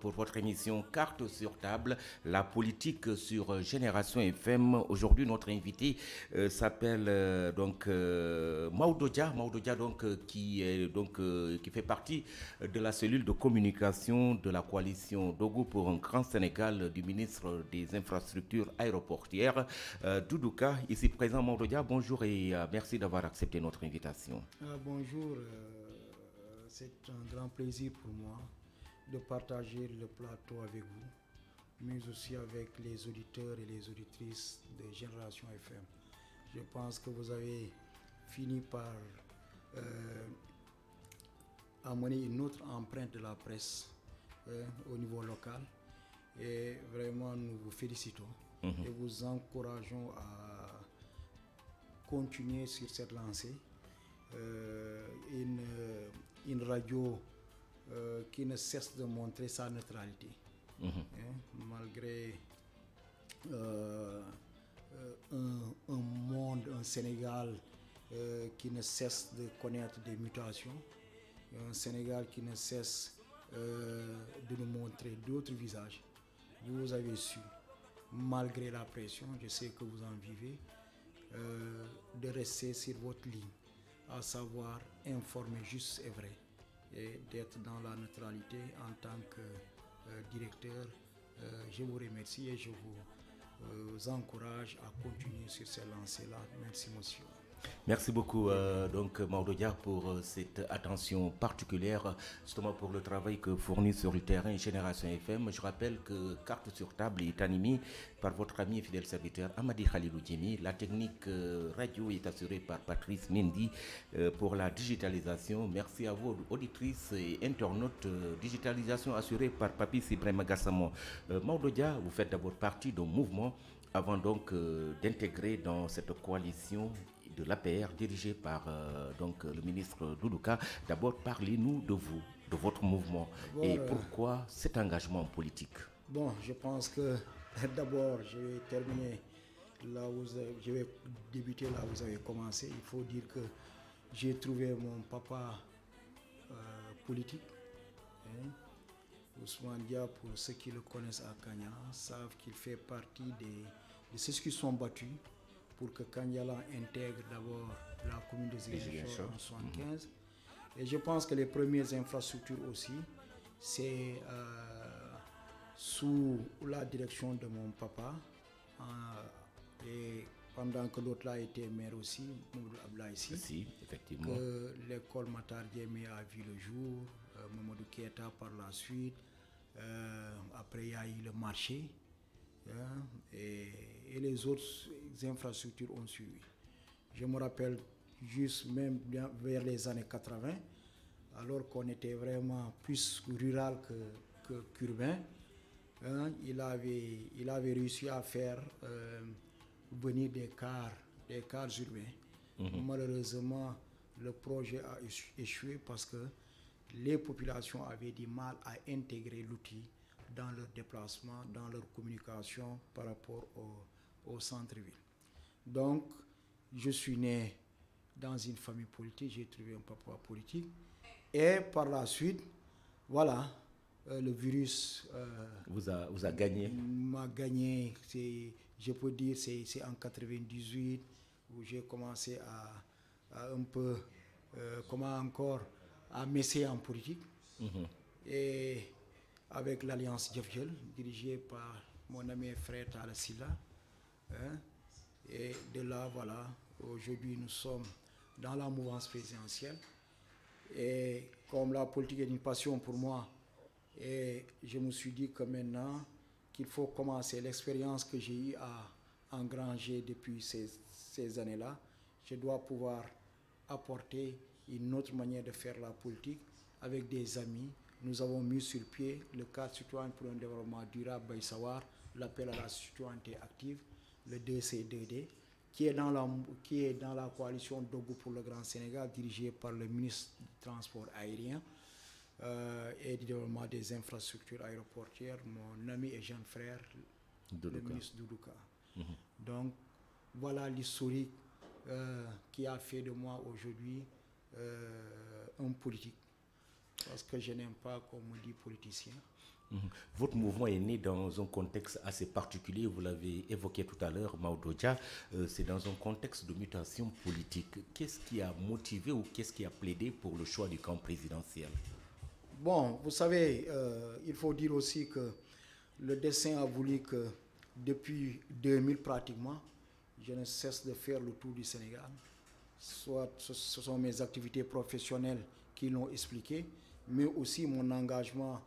pour votre émission Carte sur table, la politique sur Génération FM. Aujourd'hui, notre invité euh, s'appelle euh, donc euh, Maudodia, donc qui est donc qui fait partie de la cellule de communication de la coalition Dogo pour un grand Sénégal du ministre des infrastructures aéroportières Doudouka, ici présent Maudodia. Bonjour et merci d'avoir accepté notre invitation. bonjour. C'est un grand plaisir pour moi de partager le plateau avec vous, mais aussi avec les auditeurs et les auditrices de Génération FM. Je pense que vous avez fini par euh, amener une autre empreinte de la presse euh, au niveau local. Et vraiment, nous vous félicitons mhm. et vous encourageons à continuer sur cette lancée. Euh, une, une radio euh, qui ne cesse de montrer sa neutralité. Mhm. Hein, malgré euh, euh, un, monde, un Sénégal qui ne cesse de connaître des mutations, un Sénégal qui ne cesse de nous montrer d'autres visages. Vous avez su, malgré la pression, je sais que vous en vivez, de rester sur votre ligne, à savoir informer juste et vrai et d'être dans la neutralité en tant que euh, directeur. Euh, je vous remercie et je vous, euh, encourage à continuer sur ces lancers-là. Merci, monsieur. Merci beaucoup euh, donc Maudoudia, pour euh, cette attention particulière justement pour le travail que fournit sur le terrain Génération FM. Je rappelle que Carte sur table est animée par votre ami et fidèle serviteur Amadi Khalilou La technique euh, radio est assurée par Patrice Mendy euh, pour la digitalisation. Merci à vos auditrices et internautes. digitalisation assurée par Papi Sibrema Gassamo. Maudodia, vous faites d'abord partie d'un mouvement avant donc d'intégrer dans cette coalition de l'APR dirigé par euh, donc, le ministre Doudouka. D'abord, parlez-nous de vous, de votre mouvement et euh, pourquoi cet engagement politique. Bon, je pense que d'abord, je vais terminer là où je vais débuter là où vous avez commencé. Il faut dire que j'ai trouvé mon papa euh, politique. Hein. Ousmane Dia, pour ceux qui le connaissent à Kanya, savent qu'il fait partie des, de ceux qui sont battus pour que Kanyala intègre d'abord la commune de Ziguinchor en 1975. Mm-hmm. Et je pense que les premières infrastructures aussi, c'est euh, sous la direction de mon papa. Euh, et pendant que l'autre là était maire aussi, Mamadou Abla ici, effectivement. l'école Matar a vu le jour, euh, Mamadou Kieta par la suite. Euh, après, il y a eu le marché. Hein, et, et les autres infrastructures ont suivi. Je me rappelle juste même vers les années 80, alors qu'on était vraiment plus rural que, qu'urbain, hein, il, avait, il avait réussi à faire euh, venir des cars, des cars urbains. Mhm. Malheureusement, le projet a échoué parce que les populations avaient du mal à intégrer l'outil dans leur déplacement, dans leur communication par rapport au centre-ville. Donc, je suis né dans une famille politique, j'ai trouvé un papa politique. Et par la suite, voilà, euh, le virus... Euh, vous, vous gagné M'a gagné, je peux dire, c'est en 98 où j'ai commencé à, un peu, euh, comment encore, à m'essayer en politique. Mhm. Et avec l'Alliance Djefjel, dirigée par mon ami frère Talasila, et de là, voilà, aujourd'hui nous sommes dans la mouvance présidentielle. Et comme la politique est une passion pour moi, et je me suis dit que maintenant qu'il faut commencer l'expérience que j'ai eu à engranger depuis ces, années-là, je dois pouvoir apporter une autre manière de faire la politique avec des amis. Nous avons mis sur pied le cadre citoyen pour un développement durable, Baïsawar, l'appel à la citoyenneté active le 2 2 d qui est dans la, qui est dans la coalition Dogo pour le Grand Sénégal, dirigée par le ministre du Transport aérien euh, et du développement des infrastructures aéroportières, mon ami et jeune frère, le ministre Doudouka. Mhm. Donc, voilà l'historique euh, qui a fait de moi aujourd'hui euh, un politique. Parce que je n'aime pas comme on dit politicien. Mhm. Votre mouvement est né dans un contexte assez particulier, vous l'avez évoqué tout à l'heure, Maudoja, euh, c'est dans un contexte de mutation politique. Qu'est-ce qui a motivé ou qu'est-ce qui a plaidé pour le choix du camp présidentiel Bon, vous savez, euh, il faut dire aussi que le dessin a voulu que depuis 2000 pratiquement, je ne cesse de faire le tour du Sénégal. Soit ce sont mes activités professionnelles qui l'ont expliqué, mais aussi mon engagement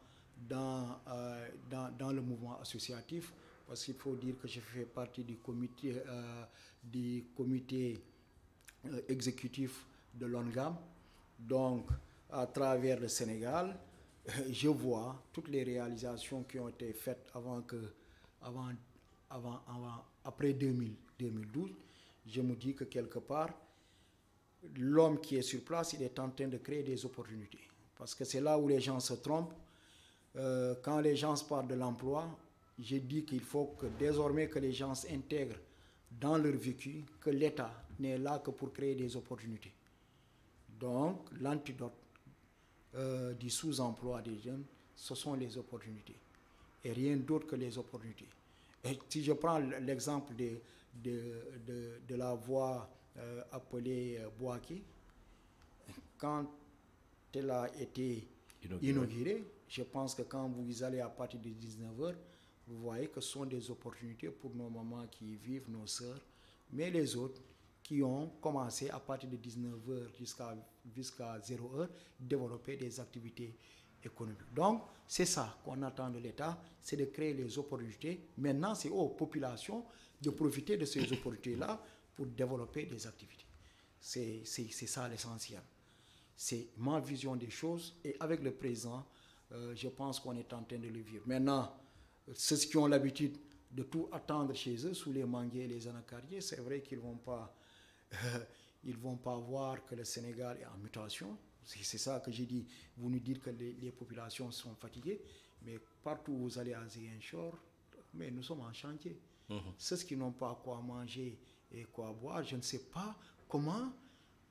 dans, euh, dans, dans, le mouvement associatif, parce qu'il faut dire que je fais partie du comité, euh, du comité euh, exécutif de l'ONGAM. Donc, à travers le Sénégal, je vois toutes les réalisations qui ont été faites avant que, avant, avant, avant après 2000, 2012. Je me dis que quelque part, l'homme qui est sur place, il est en train de créer des opportunités. Parce que c'est là où les gens se trompent euh, quand les gens parlent de l'emploi, j'ai dit qu'il faut que désormais que les gens s'intègrent dans leur vécu que l'État n'est là que pour créer des opportunités. Donc, l'antidote euh, du sous-emploi des jeunes, ce sont les opportunités. Et rien d'autre que les opportunités. Et si je prends l'exemple de, de, de, la voie euh, appelée Boaké, quand elle a été inaugurée je pense que quand vous allez à partir de 19h, vous voyez que ce sont des opportunités pour nos mamans qui vivent, nos sœurs, mais les autres qui ont commencé à partir de 19h jusqu'à jusqu'à 0h, développer des activités économiques. Donc, c'est ça qu'on attend de l'État, c'est de créer les opportunités. Maintenant, c'est aux populations de profiter de ces opportunités-là pour développer des activités. C'est ça l'essentiel. C'est ma vision des choses et avec le présent, euh, je pense qu'on est en train de le vivre. Maintenant, ceux qui ont l'habitude de tout attendre chez eux, sous les manguiers et les anacardiers, c'est vrai qu'ils ne vont, pas, ils vont pas voir que le Sénégal est en mutation. C'est ça que j'ai dit. Vous nous dites que les, populations sont fatiguées, mais partout où vous allez à Zéhenchor, mais nous sommes en chantier. Mhm. Ceux qui n'ont pas quoi manger et quoi boire, je ne sais pas comment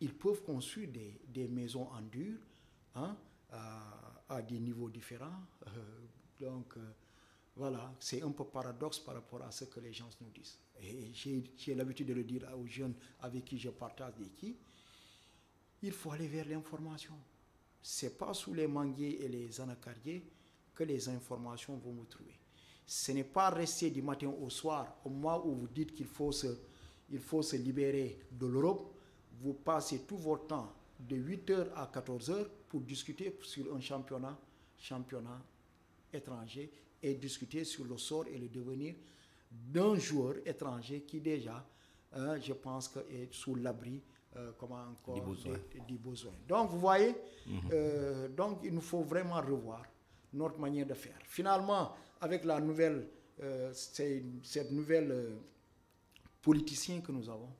ils peuvent construire des, maisons en dur hein, euh, à des niveaux différents. Euh, donc, euh, voilà, c'est un peu paradoxe par rapport à ce que les gens nous disent. Et j'ai l'habitude de le dire aux jeunes avec qui je partage des qui. Il faut aller vers l'information. C'est pas sous les manguiers et les anacardiers que les informations vont vous trouver. Ce n'est pas rester du matin au soir, au moment où vous dites qu'il faut se, il faut se libérer de l'Europe, vous passez tout votre temps de 8h à 14h pour discuter sur un championnat, championnat étranger et discuter sur le sort et le devenir d'un joueur étranger qui déjà, hein, je pense, que est sous l'abri euh, comment des, besoins. Donc vous voyez, mhm. euh, donc il nous faut vraiment revoir notre manière de faire. Finalement, avec la nouvelle, euh, cette nouvelle politicien que nous avons,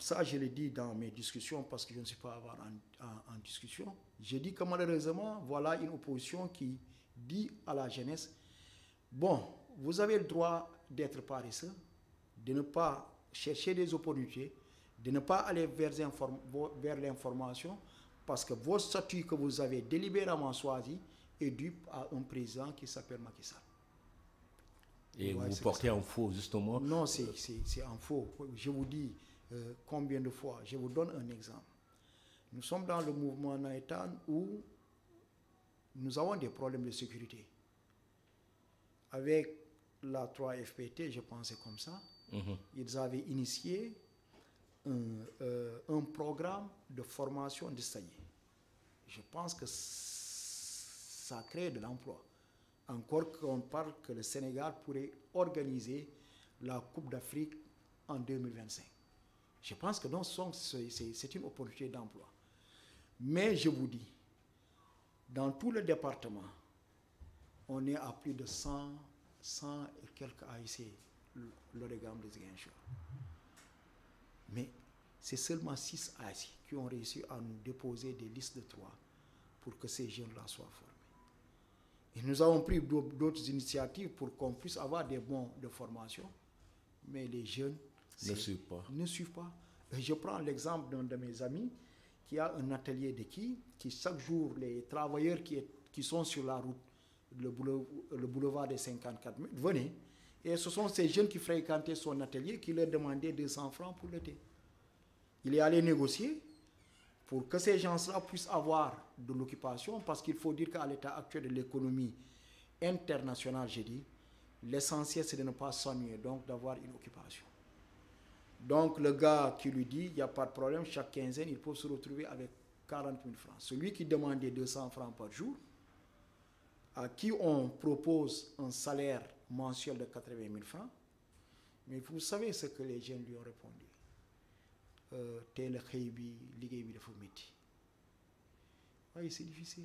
ça, je l'ai dit dans mes discussions parce que je ne suis pas avoir en, en, discussion. J'ai dit que malheureusement, voilà une opposition qui dit à la jeunesse Bon, vous avez le droit d'être paresseux, de ne pas chercher des opportunités, de ne pas aller vers, vers l'information, parce que votre statut que vous avez délibérément choisi est dû à un président qui s'appelle Macky Et vous portez en faux, justement Non, c'est en faux. Je vous dis, euh, combien de fois Je vous donne un exemple. Nous sommes dans le mouvement Naïtan où nous avons des problèmes de sécurité. Avec la 3FPT, je pensais comme ça, mhm. ils avaient initié euh, un, programme de formation de Je pense que ça crée de l'emploi. Encore qu'on parle que le Sénégal pourrait organiser la Coupe d'Afrique en 2025. Je pense que donc c'est une opportunité d'emploi. Mais je vous dis, dans tout le département, on est à plus de 100, 100 et quelques AIC, l'origami des Guinchons. Mais c'est seulement 6 AIC qui ont réussi à nous déposer des listes de trois pour que ces jeunes-là soient formés. Et nous avons pris d'autres initiatives pour qu'on puisse avoir des bons de formation, mais les jeunes ne suivent pas. Je prends l'exemple d'un de mes amis qui a un atelier de qui, qui chaque jour, les travailleurs qui, qui sont sur la route, le boulevard, le boulevard des 54 venez. venaient. Et ce sont ces jeunes qui fréquentaient son atelier qui leur demandaient 200 francs pour l'été Il est allé négocier pour que ces gens-là puissent avoir de l'occupation, parce qu'il faut dire qu'à l'état actuel de l'économie internationale, j'ai dit, l'essentiel c'est de ne pas s'ennuyer, donc d'avoir une occupation. Donc le gars qui lui dit, il n'y a pas de problème, chaque quinzaine, il peut se retrouver avec 40 000 francs. Celui qui demandait 200 francs par jour, à qui on propose un salaire mensuel de 80 000 francs, mais vous savez ce que les jeunes lui ont répondu. Euh, c'est difficile.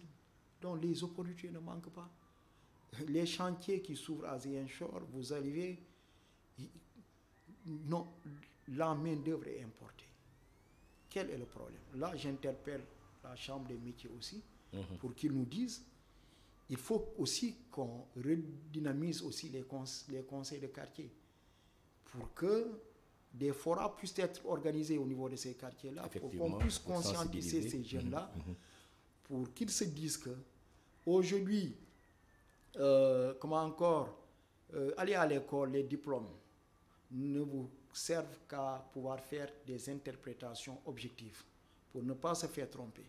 Donc les opportunités ne manquent pas. Les chantiers qui s'ouvrent à Zienchor, vous arrivez, non, la main-d'œuvre est importée. Quel est le problème Là, j'interpelle la Chambre des métiers aussi mhm. pour qu'ils nous disent il faut aussi qu'on redynamise aussi les, les conseils de quartier pour que des forats puissent être organisés au niveau de ces quartiers-là, pour qu'on puisse conscientiser ces jeunes-là, mhm, mhm. pour qu'ils se disent que aujourd'hui, euh, comment encore, euh, aller à l'école, les diplômes ne vous servent qu'à pouvoir faire des interprétations objectives pour ne pas se faire tromper.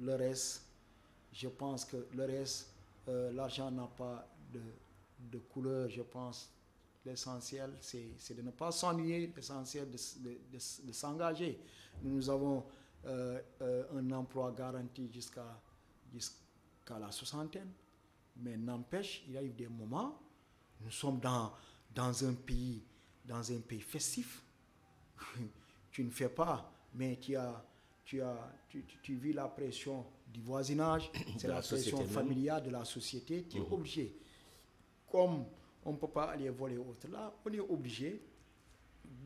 Le reste, je pense que le reste, euh, l'argent n'a pas de, de, couleur, je pense. L'essentiel, c'est de ne pas s'ennuyer, l'essentiel de, de, s'engager. Nous, avons euh, euh, un emploi garanti jusqu'à jusqu'à la soixantaine. Mais n'empêche, il y a eu des moments, nous sommes dans, dans un pays dans un pays festif. tu ne fais pas, mais tu as tu, as, tu, vis la pression du voisinage, c'est la, pression familiale de la société, tu es mhm. obligé. Comme on ne peut pas aller voler autre là, on est obligé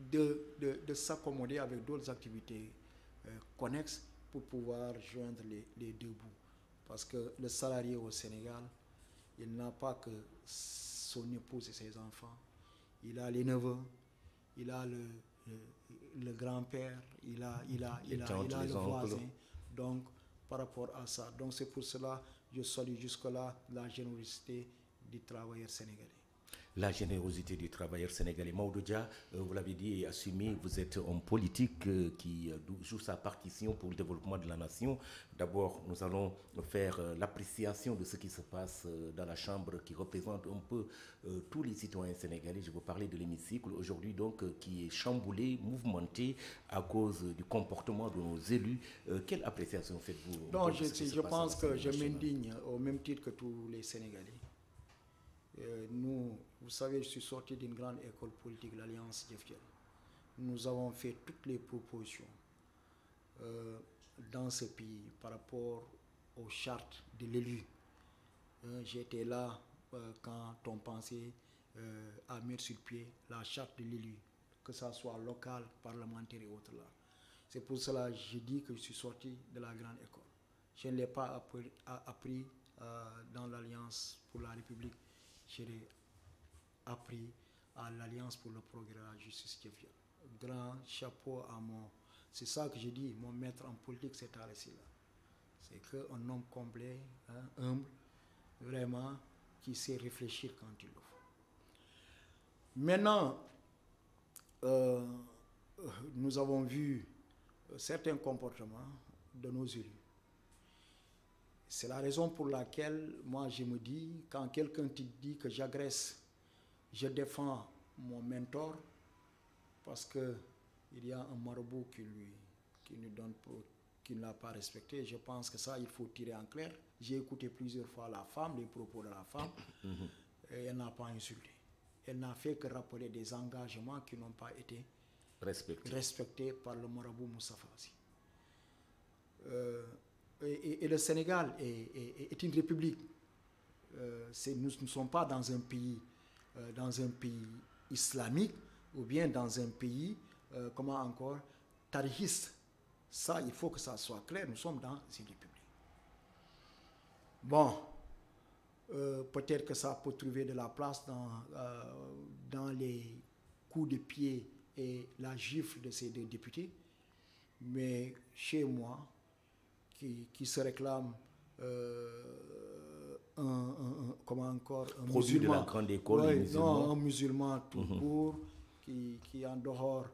de, de, s'accommoder avec d'autres activités euh, connexes pour pouvoir joindre les, les, deux bouts. Parce que le salarié au Sénégal, il n'a pas que son épouse et ses enfants, il a les neveux, il a le, grand-père, il a, il a, le voisin. Donc, par rapport à ça. Donc, c'est pour cela que je salue jusque-là la générosité des travailleurs sénégalais la générosité du travailleur sénégalais. Maudodja, euh, vous l'avez dit et assumé, vous êtes un politique euh, qui euh, joue sa partition pour le développement de la nation. D'abord, nous allons faire l'appréciation de ce qui se passe dans la Chambre qui représente un peu tous les citoyens sénégalais. Je vous parler de l'hémicycle aujourd'hui, donc, qui est chamboulé, mouvementé à cause du comportement de nos élus. quelle appréciation faites-vous je, je pense que je m'indigne au même titre que tous les Sénégalais euh, nous, vous savez, je suis sorti d'une grande école politique, l'Alliance Jeffiel. Nous avons fait toutes les propositions euh, dans ce pays par rapport aux chartes de l'élu. Euh, j'étais là quand on pensait à mettre sur pied la charte de l'élu, que ce soit local, parlementaire et autres là. C'est pour cela que je dis que je suis sorti de la grande école. Je ne l'ai pas appris dans l'Alliance pour la République j'ai appris à l'Alliance pour le progrès de la justice qui vient. Grand chapeau à mon. C'est ça que je dis, mon maître en politique, c'est Alessi là. C'est qu'un homme comblé, hein, humble, vraiment, qui sait réfléchir quand il le faut. Maintenant, euh, nous avons vu euh, certains comportements de nos élus c'est la raison pour laquelle moi je me dis, quand quelqu'un dit que j'agresse, je défends mon mentor parce qu'il y a un marabout qui lui qui ne donne l'a pas respecté. Je pense que ça, il faut tirer en clair. J'ai écouté plusieurs fois la femme, les propos de la femme, mhm. et elle n'a pas insulté. Elle n'a fait que rappeler des engagements qui n'ont pas été respectés par le marabout Moussa euh, et, le Sénégal est, une république. Euh, nous ne sommes pas dans un pays, euh, dans un pays islamique ou bien dans un pays, euh, comment encore, tarihiste. Ça, il faut que ça soit clair. Nous sommes dans une république. Bon, peut-être que ça peut trouver de la place dans, dans les coups de pied et la gifle de ces deux députés. Mais chez moi, qui, qui se réclame euh, un, comment encore un musulman. Non, un musulman tout mhm. court qui, qui est en dehors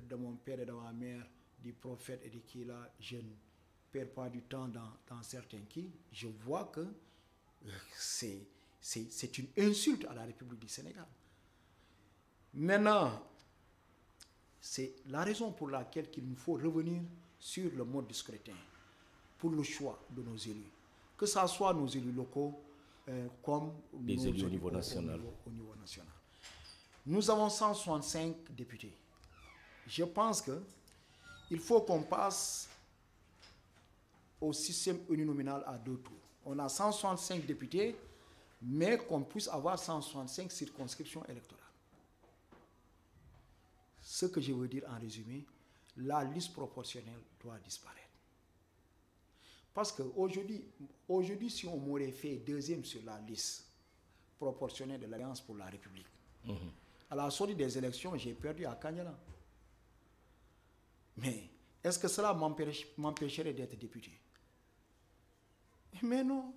de mon père et de ma mère, du prophète et de qui là, je ne perds pas du temps dans, dans certains qui, je vois que euh, c'est, c'est, une insulte à la République du Sénégal. Maintenant, c'est la raison pour laquelle il nous faut revenir sur le mode du pour le choix de nos élus, que ce soit nos élus locaux euh, comme nos élus, au niveau, national. national. Nous avons 165 députés. Je pense que il faut qu'on passe au système uninominal à deux tours. On a 165 députés, mais qu'on puisse avoir 165 circonscriptions électorales. Ce que je veux dire en résumé, la liste proportionnelle doit disparaître. Parce qu'aujourd'hui, aujourd'hui, si on m'aurait fait deuxième sur la liste proportionnelle de l'Alliance pour la République, mhm. à la sortie des élections, j'ai perdu à Kanyala. Mais est-ce que cela m'empêcherait d'être député Mais non.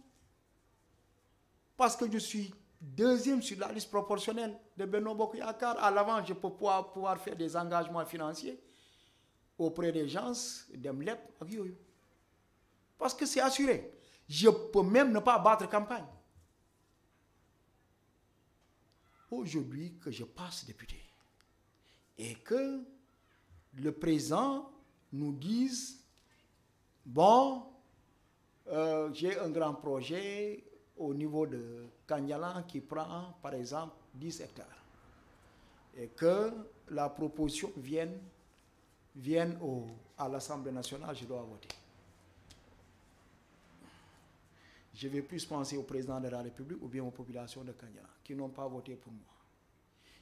Parce que je suis deuxième sur la liste proportionnelle de Benoît Bokuyakar. À l'avant, je peux pouvoir, pouvoir, faire des engagements financiers auprès des gens, des MLEP, parce que c'est assuré. Je peux même ne pas battre campagne. Aujourd'hui que je passe député et que le président nous dise, bon, euh, j'ai un grand projet au niveau de Kanyalan qui prend par exemple 10 hectares et que la proposition vienne, vienne à l'Assemblée nationale, je dois voter. je vais plus penser au président de la République ou bien aux populations de Kanyala qui n'ont pas voté pour moi.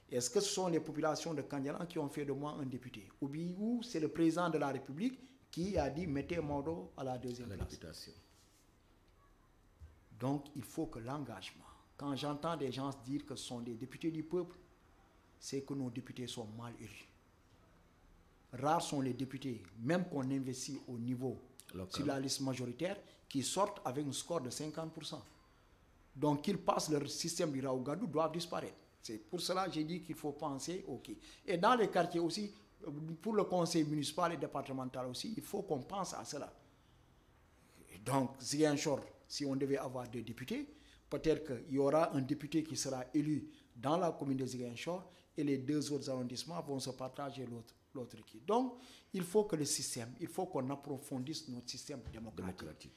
Est-ce que ce sont les populations de Kanyala qui ont fait de moi un député Ou bien c'est le président de la République qui a dit mettez Mordo à la deuxième à la place Donc il faut que l'engagement, quand j'entends des gens dire que ce sont des députés du peuple, c'est que nos députés sont mal élus. Rares sont les députés, même qu'on investit au niveau sur la liste majoritaire, qui sortent avec un score de 50%. Donc qu'ils passent leur système du Raoult-Gadou doivent disparaître. C'est pour cela que j'ai dit qu'il faut penser OK. Et dans les quartiers aussi, pour le conseil municipal et départemental aussi, il faut qu'on pense à cela. Donc, Ziguinchor, si on devait avoir des députés, peut-être qu'il y aura un député qui sera élu dans la commune de Ziguinchor et les deux autres arrondissements vont se partager l'autre. L'autre qui. Donc, il faut que le système, il faut qu'on approfondisse notre système démocratique.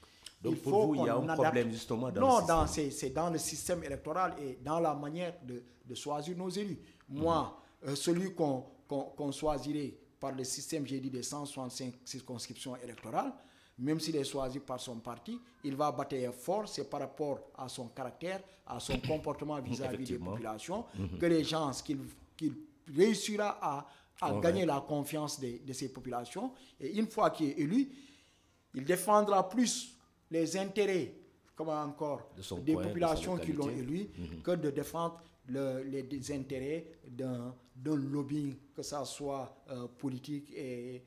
Donc il faut pour vous, il y a un problème justement dans non, système. Non, c'est dans le système électoral et dans la manière de, choisir nos élus. Moi, mhm. euh, celui qu'on choisirait par le système, j'ai dit, des 165 circonscriptions électorales, même s'il est choisi par son parti, il va battre fort, c'est par rapport à son caractère, à son comportement vis-à-vis des populations, mhm. que les gens, qu'il réussira à, à gagner la confiance de ces populations. Et une fois qu'il est élu, il défendra plus les intérêts, comment encore, des populations qui l'ont élu, mm-hmm. que de défendre les, intérêts d'un lobbying, que ça soit euh, politique et,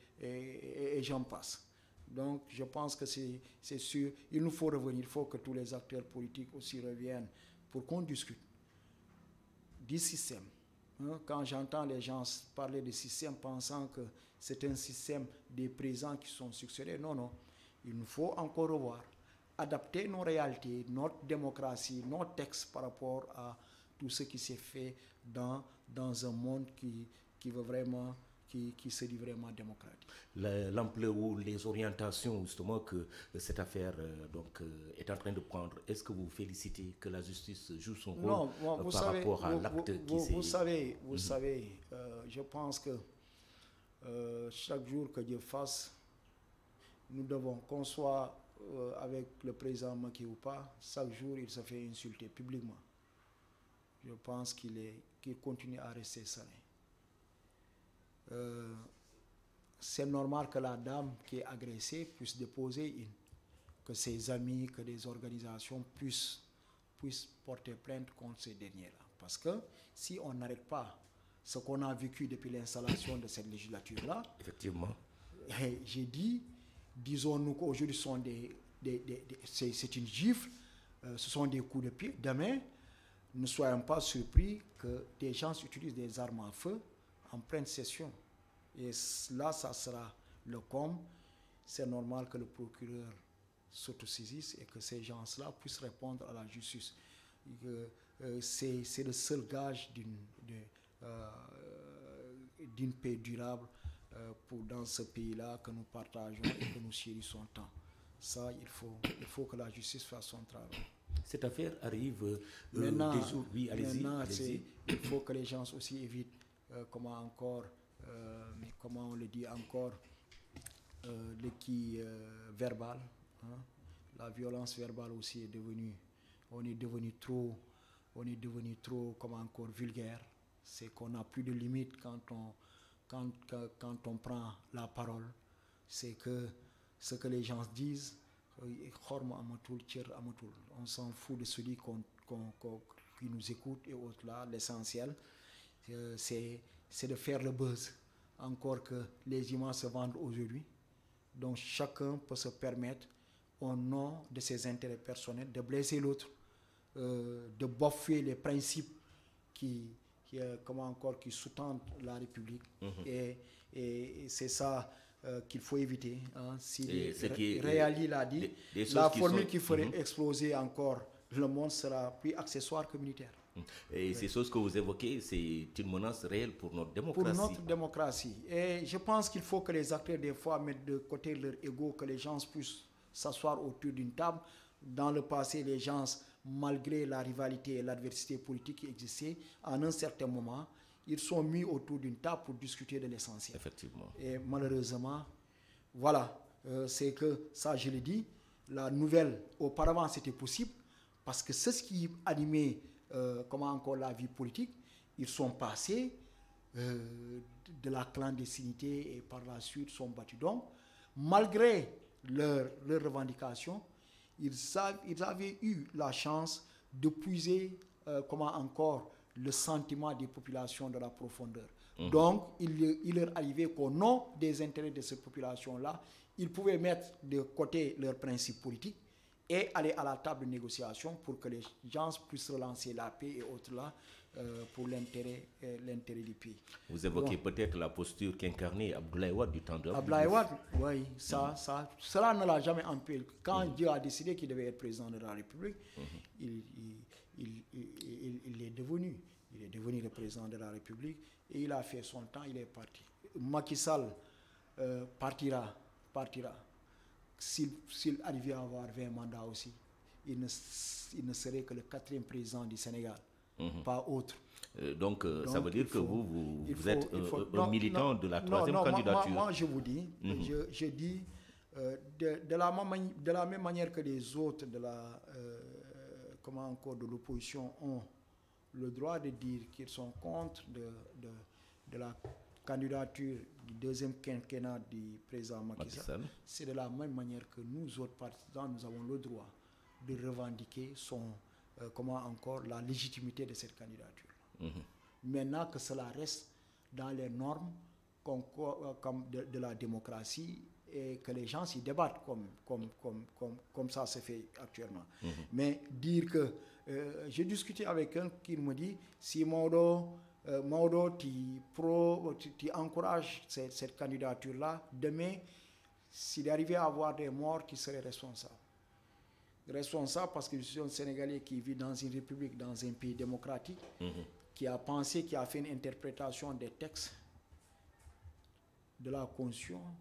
j'en passe. Donc, je pense que c'est sûr. Il nous faut revenir. Il faut que tous les acteurs politiques aussi reviennent pour qu'on discute du système. Hein. Quand j'entends les gens parler de système, pensant que c'est un système des présents qui sont succédés, non, non. Il nous faut encore revoir, adapter nos réalités, notre démocratie, nos textes par rapport à tout ce qui s'est fait dans, dans un monde qui, qui veut vraiment qui, qui se dit vraiment démocratique. L'ampleur ou les orientations justement que cette affaire euh, donc, euh, est en train de prendre, est-ce que vous félicitez que la justice joue son rôle euh, par rapport à l'acte qui s'est vous savez, vous mhm. savez je pense que chaque jour que Dieu fasse, nous devons, qu'on soit euh, avec le président Maki ou pas, chaque jour il se fait insulter publiquement. Je pense qu'il est, qu'il continue à rester serein. Euh, c'est normal que la dame qui est agressée puisse déposer une, que ses amis, que des organisations puissent, puissent porter plainte contre ces derniers-là. Parce que si on n'arrête pas ce qu'on a vécu depuis l'installation de cette législature-là, effectivement, eh, j'ai dit, disons-nous qu'aujourd'hui, sont des, c'est, une gifle, euh, ce sont des coups de pied. Demain, ne soyons pas surpris que des gens utilisent des armes à feu en pleine session. Et là, ça sera le com. C'est normal que le procureur s'autosaisisse et que ces gens-là puissent répondre à la justice. Euh, c'est le seul gage d'une euh, paix durable euh, pour, dans ce pays-là que nous partageons et que nous chérissons tant. Ça, il faut, il faut que la justice fasse son travail. Cette affaire arrive euh, maintenant, Oui, allez Allez il faut que les gens aussi évitent, euh, comment encore, comment on le dit encore, le qui verbal. Hein. La violence verbale aussi est devenue, on est devenu trop, on est devenu trop, comment encore, vulgaire. C'est qu'on n'a plus de limites quand on quand, quand on prend la parole, c'est que ce que les gens disent, on s'en fout de celui qui nous écoute et autres L'essentiel, euh, c'est, c'est de faire le buzz. Encore que les images se vendent aujourd'hui. Donc chacun peut se permettre, au nom de ses intérêts personnels, de blesser l'autre, euh, de boffer les principes qui, qui, comment encore, qui sous-tendent la République. Mhm. Et, et, c'est ça euh, qu'il faut éviter. Hein, si Réali l'a dit, la formule qui, ferait mhm. exploser encore le monde sera plus accessoire que militaire. Mhm. Et ces choses que vous évoquez, c'est une menace réelle pour notre démocratie. Pour notre démocratie. Et je pense qu'il faut que les acteurs, des fois, mettent de côté leur ego, que les gens puissent s'asseoir autour d'une table. Dans le passé, les gens malgré la rivalité et l'adversité politique qui existait, en un certain moment, ils sont mis autour d'une table pour discuter de l'essentiel. Effectivement. Et malheureusement, voilà, euh, c'est que ça, je l'ai dit, la nouvelle, auparavant, c'était possible, parce que c'est ce qui animait, euh, encore, la vie politique. Ils sont passés euh, de la clandestinité et par la suite sont battus. Donc, malgré leurs revendications, ils, avaient eu la chance de puiser euh, comment encore le sentiment des populations de la profondeur. Mmh. Donc, il, il, leur arrivait qu'au nom des intérêts de ces populations-là, ils pouvaient mettre de côté leurs principes politiques, et aller à la table de négociation pour que les gens puissent relancer la paix et autres là euh, pour euh, l'intérêt du pays. Vous évoquez peut-être la posture qu'incarnait Abdoulaye du temps de Abdoulaye Wade, oui, ça, mm-hmm. ça, cela ne l'a jamais empêché. Quand mm-hmm. Dieu a décidé qu'il devait être président de la République, mm-hmm. il, il, est devenu. Il est devenu le président de la République et il a fait son temps, il est parti. Macky Sall euh, partira, partira s'il arrivait à avoir 20 mandats aussi, il ne, serait que le quatrième président du Sénégal, mhm. pas autre. Euh, donc, euh, ça veut dire que vous, vous, êtes euh, un, militant de la troisième non, candidature. Moi, je vous dis, mhm. je, dis, de, la, de, la, même manière que les autres de la, comment encore, de l'opposition ont le droit de dire qu'ils sont contre de, de la candidature du deuxième quinquennat du président Macky Sall, c'est de la même manière que nous autres partisans, nous avons le droit de revendiquer son, euh, comment encore, la légitimité de cette candidature. Mhm. Maintenant que cela reste dans les normes euh, de, de, la démocratie et que les gens s'y débattent comme, comme, comme, comme, comme ça se fait actuellement. Mhm. Mais dire que... Euh, j'ai discuté avec un qui me dit, si Mauro euh, Mauro, tu, pro, encourages cette, candidature-là. Demain, s'il arrivait à avoir des morts, qui serait responsable. Responsable parce que je suis un Sénégalais qui vit dans une république, dans un pays démocratique, mhm. qui a pensé, qui a fait une interprétation des textes de la conscience,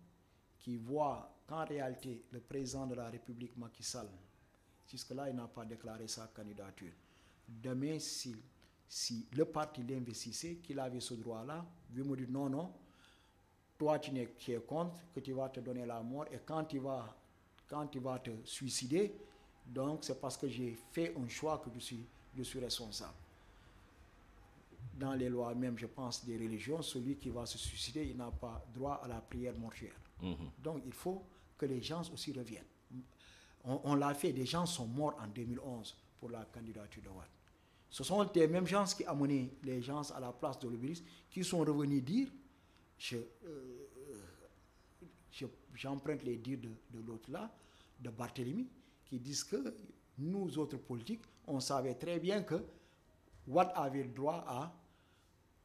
qui voit qu'en réalité, le président de la République, Macky Sall, jusque-là, il n'a pas déclaré sa candidature. Demain, s'il si le parti l'investissait, qu'il avait ce droit-là, lui me dit non, non, toi tu, n'es qu'un compte contre, que tu vas te donner la mort, et quand tu vas, quand tu vas te suicider, donc c'est parce que j'ai fait un choix que je suis, je suis responsable. Dans les lois même, je pense, des religions, celui qui va se suicider, il n'a pas droit à la prière mortuaire. Mm-hmm. Donc il faut que les gens aussi reviennent. On, on l'a fait, des gens sont morts en 2011 pour la candidature de Watt. Ce sont les mêmes gens qui amené les gens à la place de l'obélisque qui sont revenus dire euh, j'emprunte les dires de, l'autre là, de Barthélemy, qui disent que nous autres politiques, on savait très bien que Watt avait le droit à,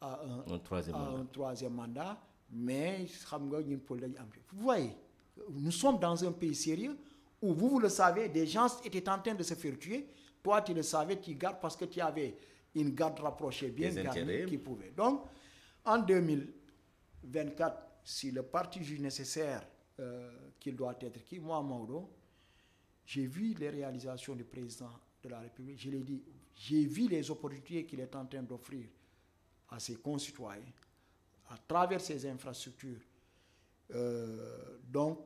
à, un, un, troisième troisième mandat, mais vous voyez, nous sommes dans un pays sérieux où vous, vous le savez, des gens étaient en train de se faire tuer toi, tu le savais, tu gardes parce que tu avais une garde rapprochée bien gardée, qui pouvait. Donc, en 2024, si le parti juge nécessaire euh, qu'il doit être, qui, moi, Mauro, j'ai vu les réalisations du président de la République, je l'ai dit, j'ai vu les opportunités qu'il est en train d'offrir à ses concitoyens à travers ses infrastructures. Euh, donc,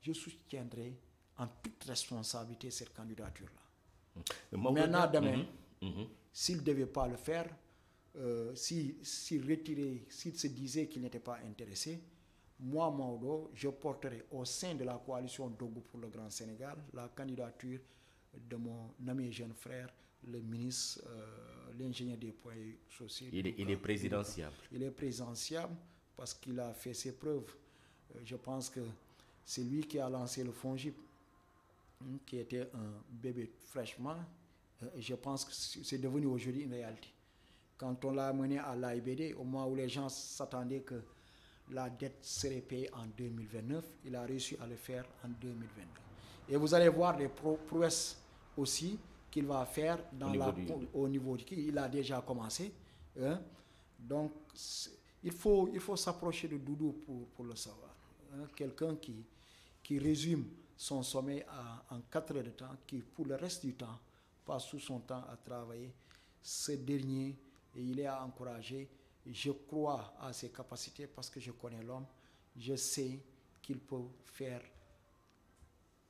je soutiendrai en toute responsabilité cette candidature-là. Maintenant, demain, mhm, mhm. s'il ne devait pas le faire, euh, s'il s'il se disait qu'il n'était pas intéressé, moi, Maudo, je porterai au sein de la coalition Dogo pour le Grand Sénégal la candidature de mon ami jeune frère, le ministre, euh, l'ingénieur des points sociaux. Il est, il Il est présidentiable parce qu'il a fait ses preuves. Euh, je pense que c'est lui qui a lancé le FONGIP qui était un bébé fraîchement, euh, je pense que c'est devenu aujourd'hui une réalité. Quand on l'a amené à l'AIBD, au moment où les gens s'attendaient que la dette serait payée en 2029, il a réussi à le faire en 2022. Et vous allez voir les prouesses aussi qu'il va faire dans au niveau, du... au Il a déjà commencé. Hein. Donc, il faut, il faut s'approcher de Doudou pour, pour le savoir. Hein. Quelqu'un qui, qui résume son sommet en 4 heures de temps, qui pour le reste du temps passe tout son temps à travailler. Ce dernier, il est à encourager. Je crois à ses capacités parce que je connais l'homme. Je sais qu'il peut faire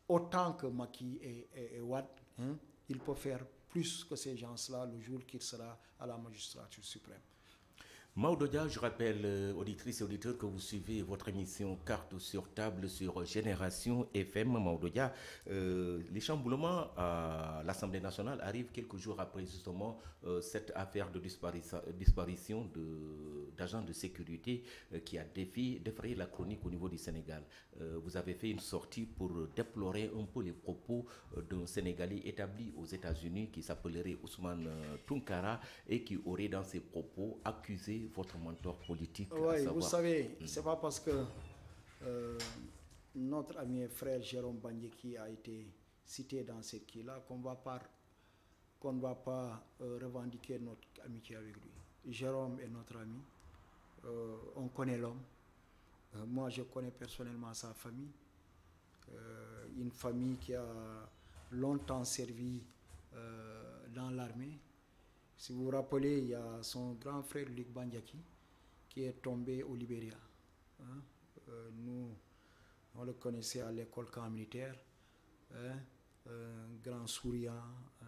autant que Maki et, Watt. Hein. Il peut faire plus que ces gens-là le jour qu'il sera à la magistrature suprême. Maudodia, je rappelle, euh, auditrices et auditeurs, que vous suivez votre émission Carte sur table sur Génération FM. Maudodia, euh, les chamboulements à l'Assemblée nationale arrivent quelques jours après justement euh, cette affaire de disparition d'agents de, sécurité qui a défi, défrayé la chronique au niveau du Sénégal. vous avez fait une sortie pour déplorer un peu les propos d'un Sénégalais établi aux États-Unis qui s'appellerait Ousmane Tunkara et qui aurait dans ses propos accusé votre mentor politique. Oui, vous savez, hmm. c'est pas parce que euh, notre ami et frère Jérôme qui a été cité dans ce qui-là qu'on va pas qu'on ne va pas euh, revendiquer notre amitié avec lui. Jérôme est notre ami, euh, on connaît l'homme. moi, je connais personnellement sa famille, une famille qui a longtemps servi dans l'armée, si vous vous rappelez, il y a son grand frère Luc Bandiaki qui est tombé au Libéria. Hein. Euh, nous, on le connaissait à l'école camp militaire. Hein. grand souriant. Hein.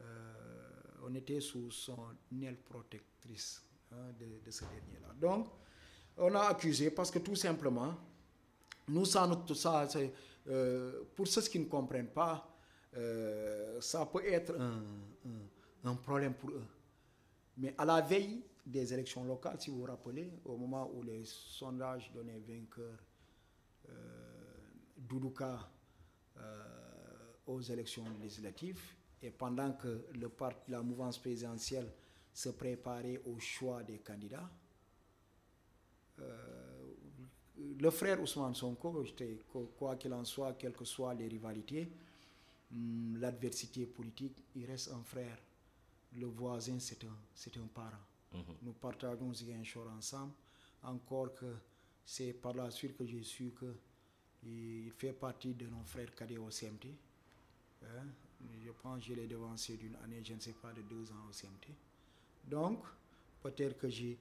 Euh, on était sous son aile protectrice de, ce dernier-là. Donc, on a accusé parce que tout simplement, nous, ça, ça euh, pour ceux qui ne comprennent pas, ça peut être un un problème pour eux. Mais à la veille des élections locales, si vous vous rappelez, au moment où les sondages donnaient vainqueur euh, Doudouka euh, aux élections législatives, et pendant que le la mouvance présidentielle se préparait au choix des candidats, euh, le frère Ousmane Sonko, quoi qu'il en soit, quelles que soient les rivalités, hum, l'adversité politique, il reste un frère le voisin, c'est un, un parent. Mhm. Nous partageons jour ensemble, encore que c'est par la suite que j'ai su que il fait partie de nos frères cadets au CMT. Hein. Je pense que je l'ai devancé d'une année, je ne sais pas, de deux ans au CMT. Donc, peut-être que j'ai,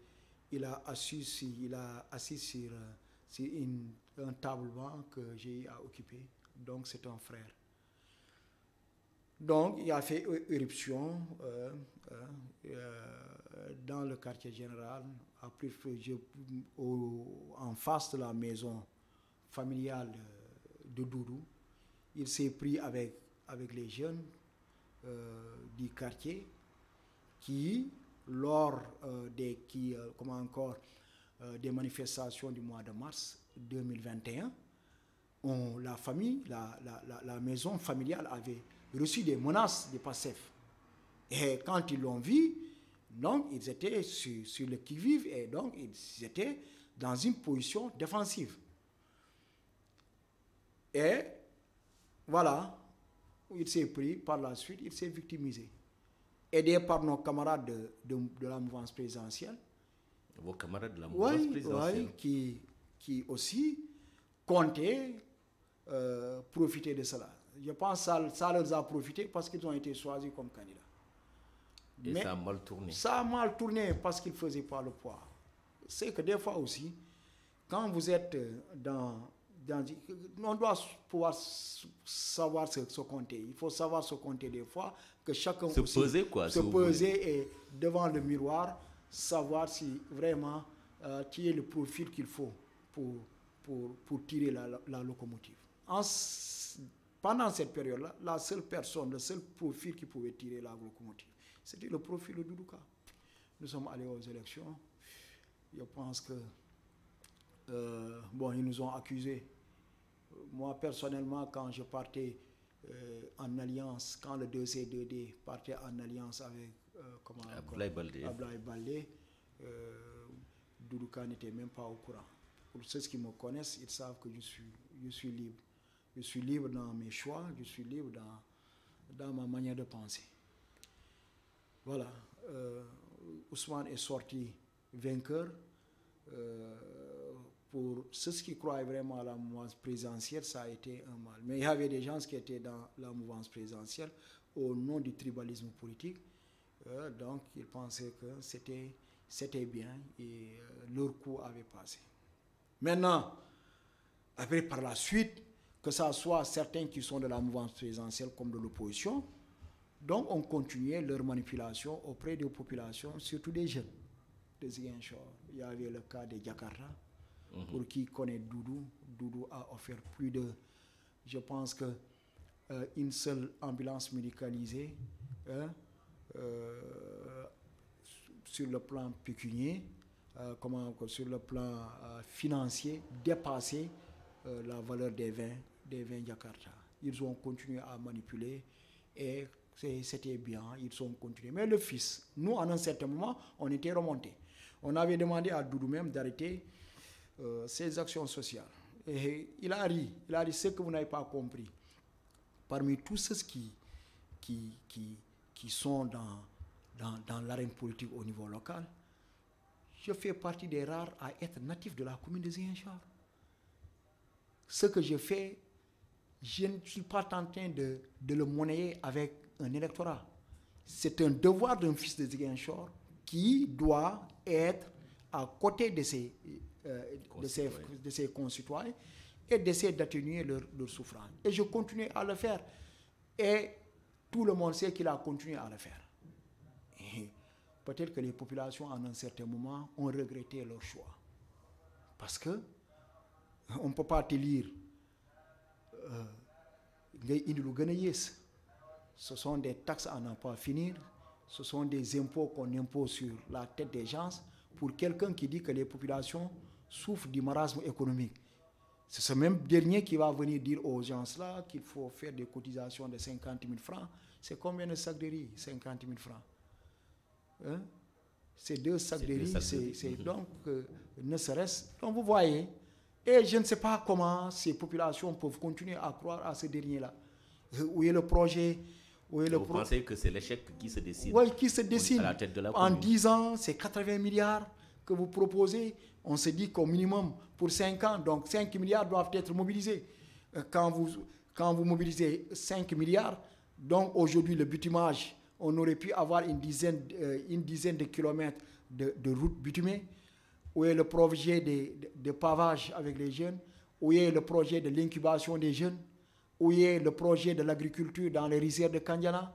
il a assis, il a assis sur, euh, un tableau que j'ai occupé. Donc, c'est un frère. Donc, il a fait éruption euh, euh, euh, dans le quartier général, à en face de la maison familiale de Doudou. Il s'est pris avec, avec les jeunes du quartier qui, lors des, qui, comment encore, des manifestations du mois de mars 2021, la famille, la maison familiale avait reçu des menaces des PASSEF. Et quand ils l'ont vu, donc ils étaient sur, le qui-vive et donc ils étaient dans une position défensive. Et voilà, il s'est pris par la suite, il s'est victimisé. Aidé par nos camarades de, la mouvance présidentielle. Vos camarades de la mouvance présidentielle. qui, qui aussi comptaient euh, profiter de cela je pense que ça, ça, leur a profité parce qu'ils ont été choisis comme candidats. Et ça a mal tourné. Ça a mal tourné parce qu'ils ne faisaient pas le poids. C'est que des fois aussi, quand vous êtes euh, dans, On doit pouvoir savoir se compter. Il faut savoir se compter des fois, que chacun se quoi. Se poser et devant le miroir, savoir si vraiment euh, tu le profil qu'il faut pour, pour, pour tirer la, la, la locomotive. En pendant cette période-là, la seule personne, le seul profil qui pouvait tirer la locomotive, c'était le profil de Doudouka. Nous sommes allés aux élections. Je pense que, euh, bon, ils nous ont accusés. Moi, personnellement, quand je partais euh, en alliance, quand le 2 c partait en alliance avec euh, comment, Baldé, euh, Doudouka n'était même pas au courant. Pour ceux qui me connaissent, ils savent que je suis libre. Je suis libre dans mes choix, je suis libre dans, dans ma manière de penser. Voilà. Euh, Ousmane est sorti vainqueur. Euh, pour ceux qui croient vraiment à la mouvance présidentielle, ça a été un mal. Mais il y avait des gens qui étaient dans la mouvance présidentielle au nom du tribalisme politique. Euh, donc, ils pensaient que c'était, c'était bien et euh, leur coup avait passé. Maintenant, après, par la suite, que ce soit certains qui sont de la mouvance présidentielle comme de l'opposition, donc on continuait leur manipulation auprès des populations, surtout des jeunes. Des Il y avait le cas de Jakarta, mhm. pour qui connaît Doudou. Doudou a offert plus de, je pense que, euh, une seule ambulance médicalisée hein, euh, sur le plan pécunier, euh, comment, sur le plan financier, dépassé euh, la valeur des vins, des vins Jakarta. Ils ont continué à manipuler et c'était bien, ils ont continué. Mais le fils, nous, en un certain moment, on était remontés. On avait demandé à Doudou même d'arrêter euh, ses actions sociales. Et il a ri, il a dit ce que vous n'avez pas compris. Parmi tous ceux qui, qui, qui, sont dans, dans, l'arène politique au niveau local, je fais partie des rares à être natif de la commune de Zienchard ce que je fais, je ne suis pas tenté de, le monnayer avec un électorat. C'est un devoir d'un fils de Ziguinchor qui doit être à côté de ses, euh, de ses, concitoyens et d'essayer d'atténuer leur, souffrance. Et je continue à le faire. Et tout le monde sait qu'il a continué à le faire. Peut-être que les populations, en un certain moment, ont regretté leur choix. Parce que on ne peut pas te lire euh, ce sont des taxes à n'en pas finir ce sont des impôts qu'on impose sur la tête des gens pour quelqu'un qui dit que les populations souffrent du marasme économique c'est ce même dernier qui va venir dire aux gens là qu'il faut faire des cotisations de 50 000 francs. C'est combien de sacs de riz 50 000 francs. Hein? C'est deux sacs de riz. C'est, mhm. donc, euh, ne serait-ce. Donc, vous voyez, et je ne sais pas comment ces populations peuvent continuer à croire à ces derniers-là. Euh, où est le projet où le Vous pensez que c'est l'échec qui se décide Oui, qui se dessine. en 10 ans, c'est 80 milliards que vous proposez. On se dit qu'au minimum, pour 5 ans, donc 5 milliards doivent être mobilisés. Euh, quand vous, quand vous mobilisez 5 milliards, donc aujourd'hui, le bitumage, on aurait pu avoir une dizaine, euh, une dizaine de kilomètres de, de routes bitumées où est le projet de, pavage avec les jeunes, où est le projet de l'incubation des jeunes, où est le projet de l'agriculture dans les rizières de Kandiana,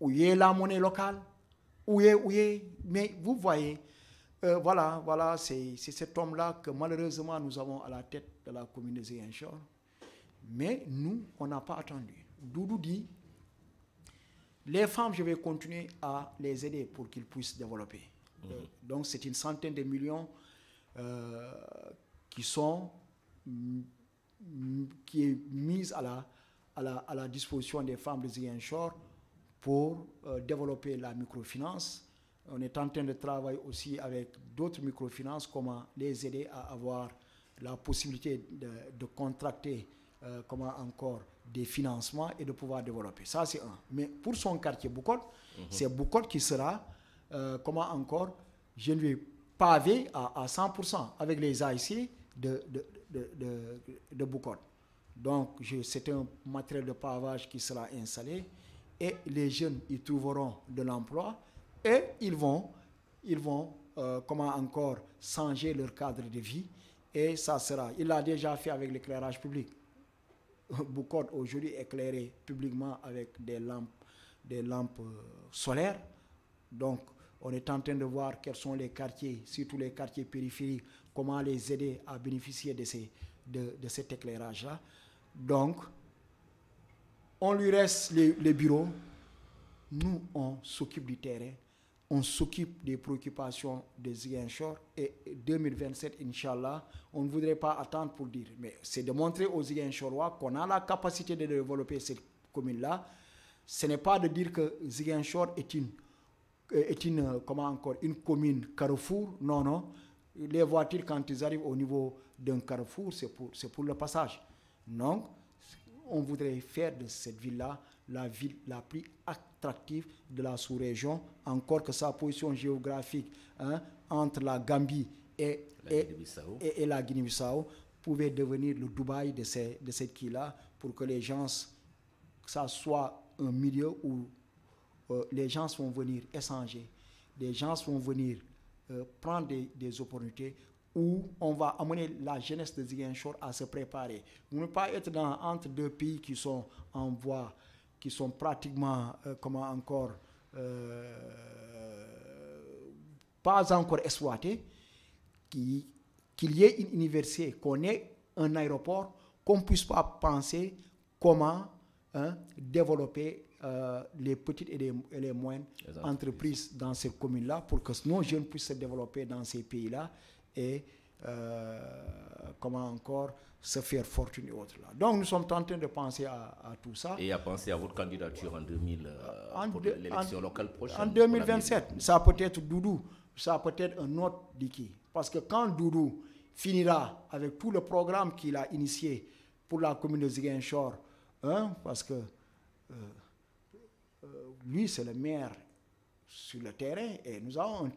où est la monnaie locale, où est, où est. Mais vous voyez, euh, voilà, voilà c'est cet homme-là que malheureusement nous avons à la tête de la communauté Inshore. Mais nous, on n'a pas attendu. Doudou dit, les femmes, je vais continuer à les aider pour qu'ils puissent développer. Euh, donc c'est une centaine de millions euh, qui sont mm, qui est mise à la, à la, à la disposition des femmes de Shore pour euh, développer la microfinance. On est en train de travailler aussi avec d'autres microfinances, comment les aider à avoir la possibilité de, contracter comment encore des financements et de pouvoir développer. Ça, c'est un. Mais pour son quartier Boukot, mhm. c'est Boukot qui sera euh, comment encore, je ne vais pas à, à 100% avec les IC de, de, de, de, Donc, c'est un matériel de pavage qui sera installé et les jeunes y trouveront de l'emploi et ils vont, ils vont euh, comment encore, changer leur cadre de vie et ça sera. Il l'a déjà fait avec l'éclairage public. Bukot aujourd'hui éclairé publiquement avec des lampes, des lampes euh, solaires. Donc, on est en train de voir quels sont les quartiers, surtout les quartiers périphériques, comment les aider à bénéficier de, ces, de, cet éclairage-là. Donc, on lui reste les, bureaux. Nous, on s'occupe du terrain. On s'occupe des préoccupations de Ziguinchor. Et 2027, Inch'Allah, on ne voudrait pas attendre pour dire. Mais c'est de montrer aux Ziguinchorois qu'on a la capacité de développer cette commune-là. Ce n'est pas de dire que Ziguinchor est une euh, est une, euh, comment encore, une commune carrefour. Non, non. Les voitures, quand ils arrivent au niveau d'un carrefour, c'est pour, pour le passage. Donc, on voudrait faire de cette ville-là la ville la plus attractive de la sous-région, encore que sa position géographique hein, entre la Gambie et la et, Guinée-Bissau pouvait devenir le Dubaï de, de cette qui-là pour que les gens, que ça soit un milieu où euh, les gens vont venir échanger, les gens vont venir euh, prendre des, opportunités où on va amener la jeunesse de Ziguinchor à se préparer. ne pas être dans, entre deux pays qui sont en voie, qui sont pratiquement, euh, comment encore, pas encore exploités, qu'il y ait une université, qu'on ait un aéroport, qu'on ne puisse pas penser comment hein, développer euh, les petites et les, moyennes entreprises dans ces communes-là pour que nos jeunes puissent se développer dans ces pays-là et euh, comment encore se faire fortune et autres. Là. Donc nous sommes en train de penser à, tout ça. Et à penser à votre candidature en 2000 euh, en pour l'élection locale prochaine. En 2027, ça peut être Doudou, ça peut être un autre Diki. Parce que quand Doudou finira avec tout le programme qu'il a initié pour la commune de Ziguinchor, hein, parce que... Euh, lui, c'est le maire sur le terrain et nous avons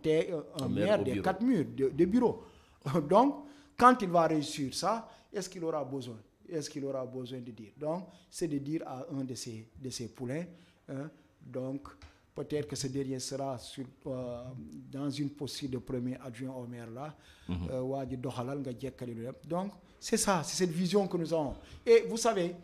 un, maire, des quatre murs, de, de bureaux. Donc, quand il va réussir ça, est-ce qu'il aura besoin Est-ce qu'il aura besoin de dire Donc, c'est de dire à un de ses, de ses poulains, hein, donc peut-être que ce dernier sera euh, dans une posture de premier adjoint au maire là. Mhm. Euh, donc, c'est ça, c'est cette vision que nous avons. Et vous savez,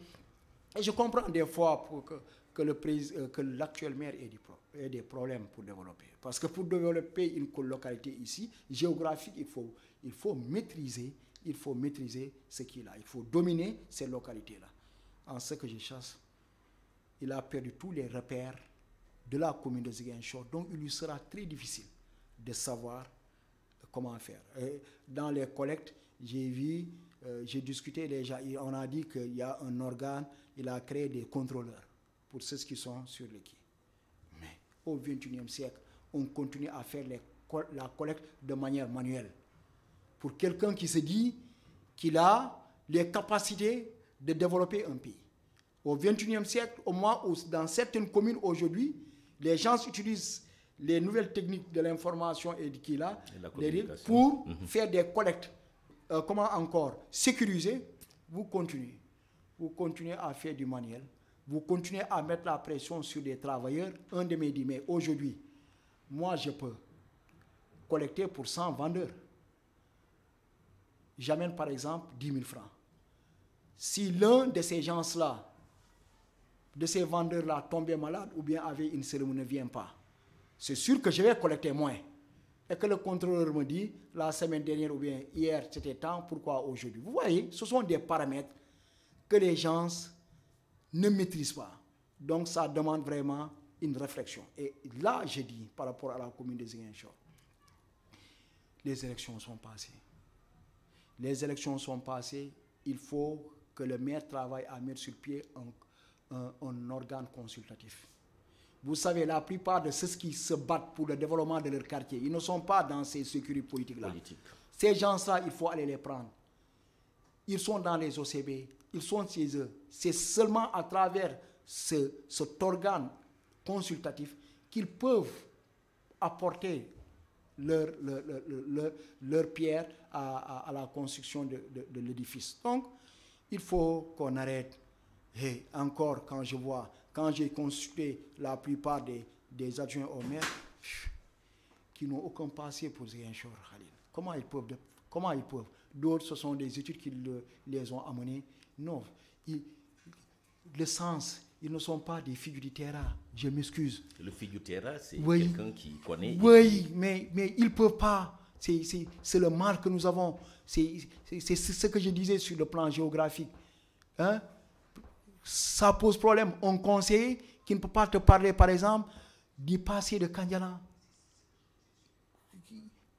je comprends des fois pour que que le euh, que l'actuel maire ait, des problèmes pour développer. Parce que pour développer une localité ici, géographique, il faut, il faut maîtriser, il faut maîtriser ce qu'il a. Il faut dominer ces localités-là. En ce que je chasse, il a perdu tous les repères de la commune de Ziguinchor, donc il lui sera très difficile de savoir comment faire. Euh, dans les collectes, j'ai vu, euh, j'ai discuté déjà, on a dit qu'il y a un organe, il a créé des contrôleurs pour ceux qui sont sur le quai. Mais au XXIe siècle, on continue à faire les, la collecte de manière manuelle. Pour quelqu'un qui se dit qu'il a les capacités de développer un pays. Au XXIe siècle, au moins dans certaines communes aujourd'hui, les gens utilisent les nouvelles techniques de l'information et qui là, pour mhm. faire des collectes. Euh, comment encore Sécuriser, vous continuez. Vous continuez à faire du manuel vous continuez à mettre la pression sur des travailleurs, un de mes dit, mais aujourd'hui, moi, je peux collecter pour 100 vendeurs. J'amène par exemple 10 000 francs. Si l'un de ces gens-là, de ces vendeurs-là, tombait malade ou bien avait une cérémonie, ne vient pas, c'est sûr que je vais collecter moins. Et que le contrôleur me dit, la semaine dernière ou bien hier, c'était temps, pourquoi aujourd'hui Vous voyez, ce sont des paramètres que les gens ne maîtrise pas. Donc ça demande vraiment une réflexion. Et là, j'ai dit, par rapport à la commune de Ziguinchor, les élections sont passées. Les élections sont passées, il faut que le maire travaille à mettre sur pied un, organe consultatif. Vous savez, la plupart de ceux qui se battent pour le développement de leur quartier, ils ne sont pas dans ces sécurités politiques-là. Ces gens-là, il faut aller les prendre. Ils sont dans les OCB, ils sont chez eux. C'est seulement à travers cet organe consultatif qu'ils peuvent apporter leur, leur, leur, pierre à, la construction de, l'édifice. Donc, il faut qu'on arrête. Et encore, quand je vois, quand j'ai consulté la plupart des, adjoints au maire, qui n'ont aucun passé pour Zéhenchor Khalil. Comment ils peuvent Comment ils peuvent D'autres, ce sont des études qui les ont amenés non. le sens, ils ne sont pas des figures du terrain. Je m'excuse. Le figure du terrain, c'est quelqu'un qui connaît. Oui, mais, mais ils ne peuvent pas. C'est le mal que nous avons. C'est ce que je disais sur le plan géographique. Hein? Ça pose problème. on conseille qui ne peut pas te parler, par exemple, du passé de Kandiala.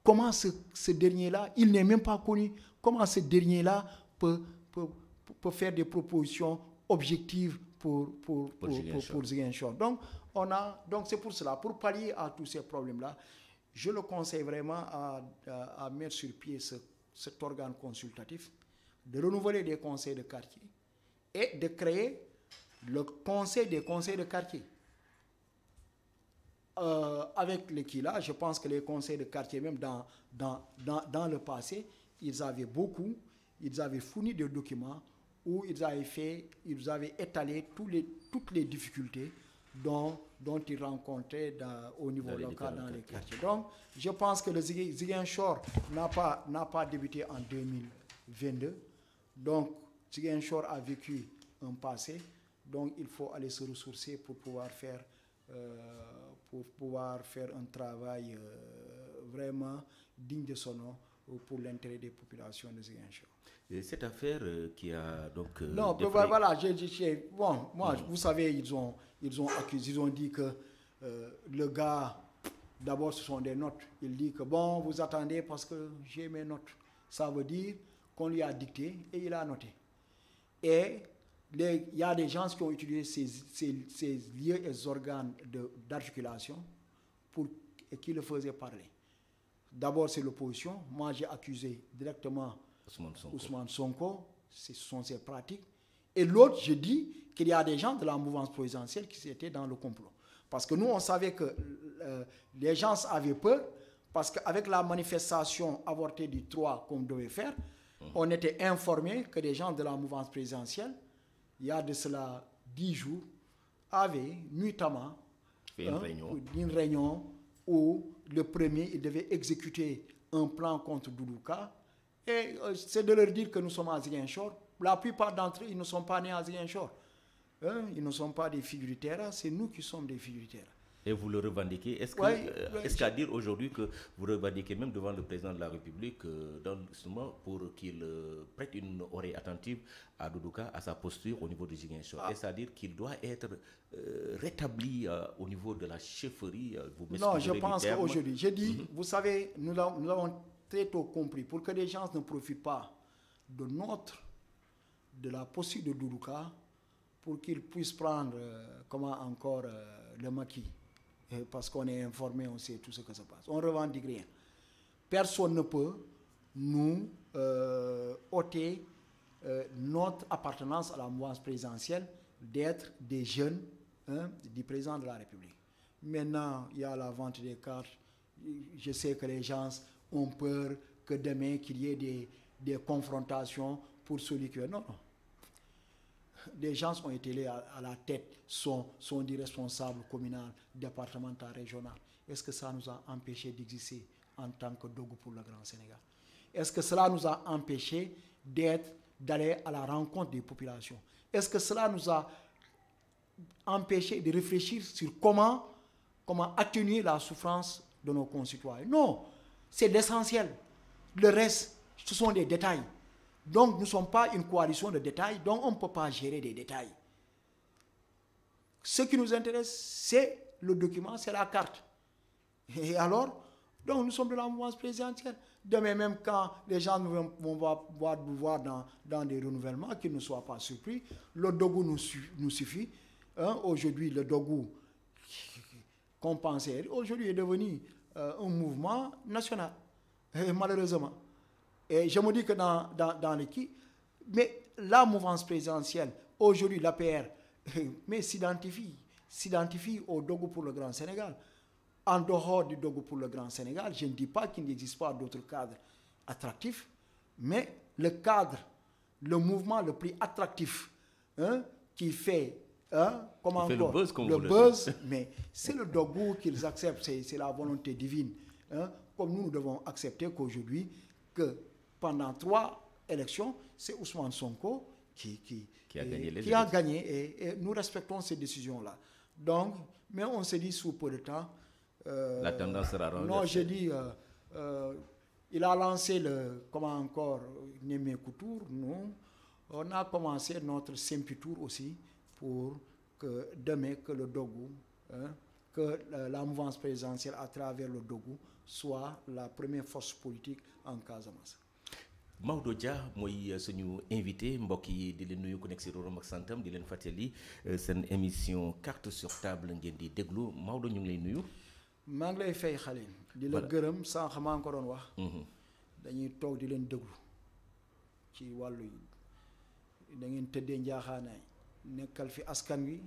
Comment ce, dernier-là, il n'est même pas connu, comment ce dernier-là peut peut faire des propositions objectives pour, pour, pour, pour, Donc, on a, donc c'est pour cela, pour pallier à tous ces problèmes-là, je le conseille vraiment à, mettre sur pied ce, cet organe consultatif, de renouveler des conseils de quartier et de créer le conseil des conseils de quartier. Euh, avec le je pense que les conseils de quartier, même dans, dans, dans le passé, ils avaient beaucoup, ils avaient fourni des documents où ils avaient fait, ils étalé toutes les difficultés dont, dont ils rencontraient au niveau local dans les quartiers. Donc, je pense que le Ziguinchor n'a pas, n'a pas débuté en 2022. Donc, Ziguinchor a vécu un passé. Donc, il faut aller se ressourcer pour pouvoir faire, euh, un travail euh, vraiment digne de son nom pour l'intérêt des populations de Et cette affaire euh, qui a donc... Euh, non, voilà, moi, mm. vous savez, ils ont, ils ont accusé, ils ont dit que euh, le gars, d'abord, ce sont des notes. Il dit que, bon, vous attendez parce que j'ai mes notes. Ça veut dire qu'on lui a dicté et il a noté. Et il y a des gens qui ont utilisé ces, lieux et organes d'articulation pour qui le faisaient parler. D'abord, c'est l'opposition. Moi, j'ai accusé directement Ousmane Sonko. Ce sont ses pratiques. Et l'autre, je dis qu'il y a des gens de la mouvance présidentielle qui étaient dans le complot. Parce que nous, on savait que euh, les gens avaient peur, parce qu'avec la manifestation avortée du 3 qu'on devait faire, mhm. on était informé que des gens de la mouvance présidentielle, il y a de cela dix jours, avaient nuitamment fait une hein, réunion où le premier, il devait exécuter un plan contre Doudouka. Et euh, c'est de leur dire que nous sommes à Ziguinchor. La plupart d'entre eux, ils ne sont pas nés Asiens Ziguinchor. Hein, ils ne sont pas des figuritaires, c'est nous qui sommes des figuritaires et vous le revendiquez. Est-ce euh, qu'à dire aujourd'hui que vous revendiquez même devant le président de la République, euh, pour qu'il euh, prête une oreille attentive à Doudouka, à sa posture au niveau du Ziguinchor ah. est-ce à dire qu'il doit être rétabli au niveau de la chefferie vous Non, je pense qu'aujourd'hui, j'ai dit, mhm. vous savez, nous avons très tôt compris, pour que les gens ne profitent pas de notre, de la posture de Doudouka, pour qu'ils puissent prendre, comment encore, le maquis. Euh, parce qu'on est informé, on sait tout ce que se passe. On ne revendique rien. Personne ne peut nous euh, ôter euh, notre appartenance à la mouvance présidentielle d'être des jeunes hein, du président de la République. Maintenant, il y a la vente des cartes. Je sais que les gens ont peur que demain, qu'il y ait des, confrontations pour celui qui... Non, non des gens ont été à, à la tête, sont, sont des responsables communaux, départementaux, régionaux. Est-ce que ça nous a empêchés d'exister en tant que Dogo pour le Grand Sénégal Est-ce que cela nous a empêchés d'être, d'aller à la rencontre des populations Est-ce que cela nous a empêchés de réfléchir sur comment, comment atténuer la souffrance de nos concitoyens Non, c'est l'essentiel. Le reste, ce sont des détails. Donc nous ne sommes pas une coalition de détails, donc on ne peut pas gérer des détails. Ce qui nous intéresse, c'est le document, c'est la carte. Et alors, donc nous sommes de la mouvance présidentielle. Demain même quand les gens vont, voir, voir dans, des renouvellements, qu'ils ne soient pas surpris, le dogou nous, suffit. Hein, aujourd'hui, le dogou qu'on pensait, aujourd'hui est devenu euh, un mouvement national, Et malheureusement. Et je me dis que dans, dans, dans l'équipe, mais la mouvance présidentielle, aujourd'hui, l'APR, mais s'identifie, s'identifie au Dogo pour le Grand Sénégal. En dehors du Dogo pour le Grand Sénégal, je ne dis pas qu'il n'existe pas d'autres cadres attractifs, mais le cadre, le mouvement le plus attractif hein, qui fait Hein? Comment le buzz, mais c'est le dogou qu'ils acceptent, c'est la volonté divine. Hein? Comme nous, nous devons accepter qu'aujourd'hui, que pendant trois élections, c'est Ousmane Sonko qui, qui, qui a gagné. et, nous respectons ces décisions-là. Donc, mais on se dit sous peu de temps. Euh, la tendance sera Non, j'ai dit, euh, euh, il a lancé le, comment encore, Némé Koutour, nous. On a commencé notre Semputour aussi pour que demain, que le Dogou, hein, que la, mouvance présidentielle à travers le Dogou soit la première force politique en Casamance. Maodo Dia moy euh, suñu invité mbokk yi di len nuyu ku nek ci roram ak santam di len fateli euh, sen émission carte sur table ngeen di déglu Maodo ñu ngi lay nuyu. maa ngi lay fay xale. di la gërëm sànq maa ko doon wax. Mm-hmm. dañuy tok di len déglu ci walu yi da ngeen tëddee njaaxaanaay nekkal fi askan wi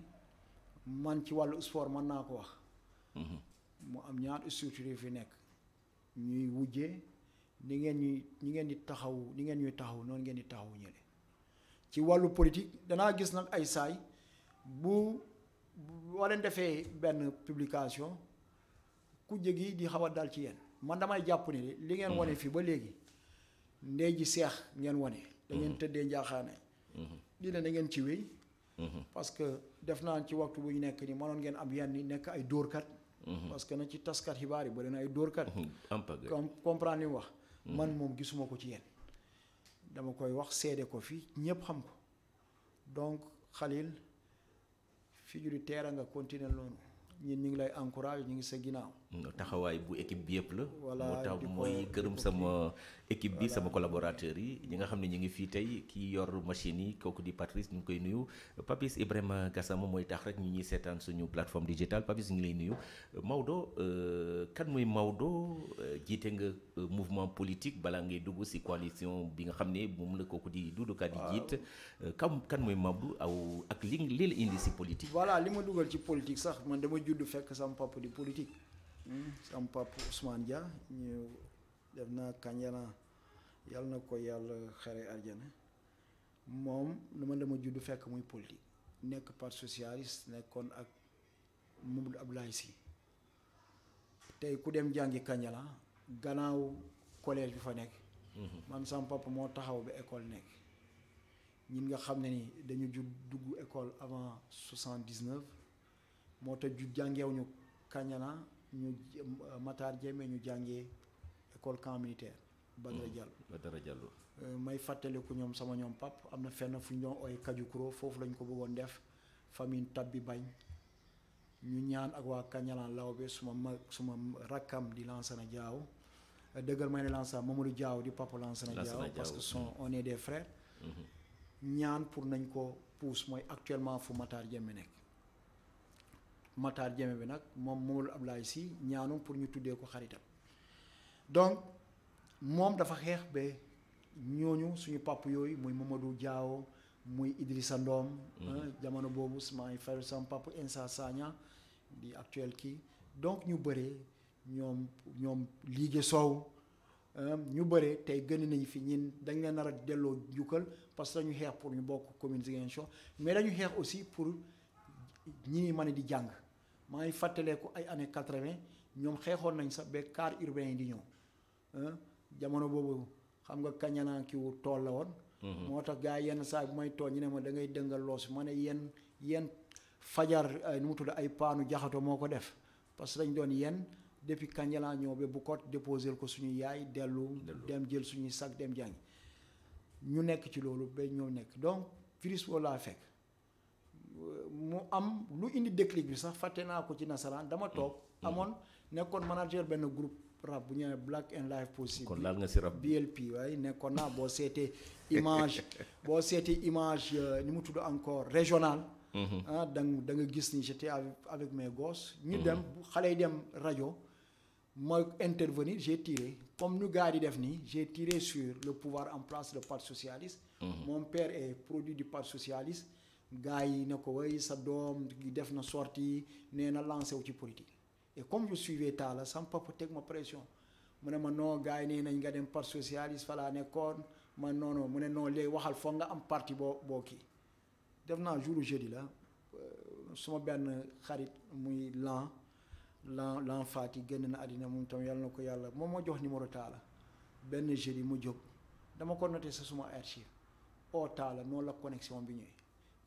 man ci walu sport man naa ko wax. Mm-hmm. mu am ñaar structure fi nek ñuy wujjee ni ngeen ni di taxaw ni ngeen ñuy taxaw noonu ngeen di taxaw ci wàllu politique danaa gis nag ay saay bu publication ku a dal ci yéen man damay que li ngeen mm-hmm. wane fi ba léegi ndey ji seex ngeen que mm-hmm. da ngeen tëddee njaaxaane. di mm-hmm. na ci wéy. parce que def naa ci waxtu bu ñu nekk ni mënoon ngeen am yenn nekk ay parce que na ci taskat xibaar yi na ay dóorkat. comprendre Mm-hmm. man moom gisuma ko ci yenn dama koy wax seede ko fi ñëpp xam ko donc Khalil figure nga continuer loonu ñun ñu ngi lay encourage ñu ngi sa ginnaaw taxaway bu équipe bi yëpp la mo taw moy gërëm sama équipe bi sama collaborateur yi ñi nga xamni ñi ngi fi tay ki yor machine yi koku di Patrice ñu koy nuyu Papis Ibrahima Gassama moy tax rek ñi ñi sétane suñu plateforme digitale Papis ngi lay nuyu euh, Maodo euh, kan moy Maudo euh, jité nga mouvement politique bala ngay dugg ci coalition bi nga xamni ne la koku di dudu Ka di jitt kan kan moy Maodo aw ak li li indi ci politique voilà li ma duggal ci politique sax man dama judd fekk sama papa di politique sam papa Ousmane Dia ñu def na kanyana yàlla na ko yàlla xare arjana mom lu ma dama judd fekk muy politique nek parti socialiste nekkon ak Mamadou Abdoulaye Sy tay ku dem jangi kanyala ganaw collège bi fa nek mhm. man sam papa mo taxaw be école nek ñin nga xamné ni dañu judd dugg école avant 79 dix neuf moo tax ju jàngeewuñu ñu euh, Matar Jéeme ñu jàngee école camp militaire. Badara mm, Diallo Badara Diallo. Euh, may fàttaliku ñoom sama ñoom pap am na fenn fu ñu doon ooy Kajukro foofu lañ ko bëggoon def famille tab bi bañ ñu ñaan ak waa Kañalaan Lawbe suma mag suma rakkam di Lansana Diaw ma euh, may ne Lansana Mamadou jaaw di papa Lansana Diaw parce que son on est des mm-hmm. ñaan pour nañ ko pousse mooy actuellement fu Matar Jéeme nekk. Matar Jeme bi nak mom Mamadou Ablaye si ñaanu pour ñu tuddé ko xaritam donc mom dafa xex be ñooñu suñu papu yoy muy Mamadou Diawo muy Idrissa Ndoom mhm. hein, jamono bobu sama frère sama papu Insa Sagna di actuel kii donc ñu bëree ñom ñoom liige soow hein, ñu bëree tay gën nañ fi ñin dañ leen nar a delloo njukkal parce que ñu xex pour ñu bokk communication mais dañu xex aussi pour ñii ma di jang ngi ko ay années 80 ñom nañ sa be car urbain yi hein jamono bobu xam nga ki wu la mhm. yenn ma da ngay yenn yenn fajar ay jaxato def parce dañ doon yenn depuis be bu ko ko suñu yaay dem jël sac dem jang ñu nekk ci loolu nekk donc mu am lu indi déclic bi sax fàtte naa ko ci nasaraan dama toog. Mm. amoon nekkoon manager benn groupe rap bu ñëwee Black and Life Possible. kon laal nga si rap BLP waaye nekkoon naa boo seetee image boo seetee image euh, ni mu tudd encore régional. Mm-hmm. ah da da nga gis ni j'étais avec mes gosses. ñu mm-hmm. dem xale yi dem rajo. ma intervenir j'ai tiré comme ñu gars yi def j'ai tiré sur le pouvoir en place le parti socialiste. Mm-hmm. mon père est produit du parti socialiste gars yi ne ko way sa gi def na sortie nee na lancé wu ci politique et comme je suivais la sama papa teg ma pression mune ma non gars yi nañ nga dem parti socialiste fala laa nekkoon ma non non mune non léegi waxal fo nga am parti bo bo ki def naa jour jeudi la euh, suma ben xarit muy lan lan lan Fati génn na adina mum tam yalla nako yalla yàlla mo jox numéro Talla ben jeudi mu jóg dama ko noté sa suma archive oo oh, Talla noonu la connexion bi ñëwee.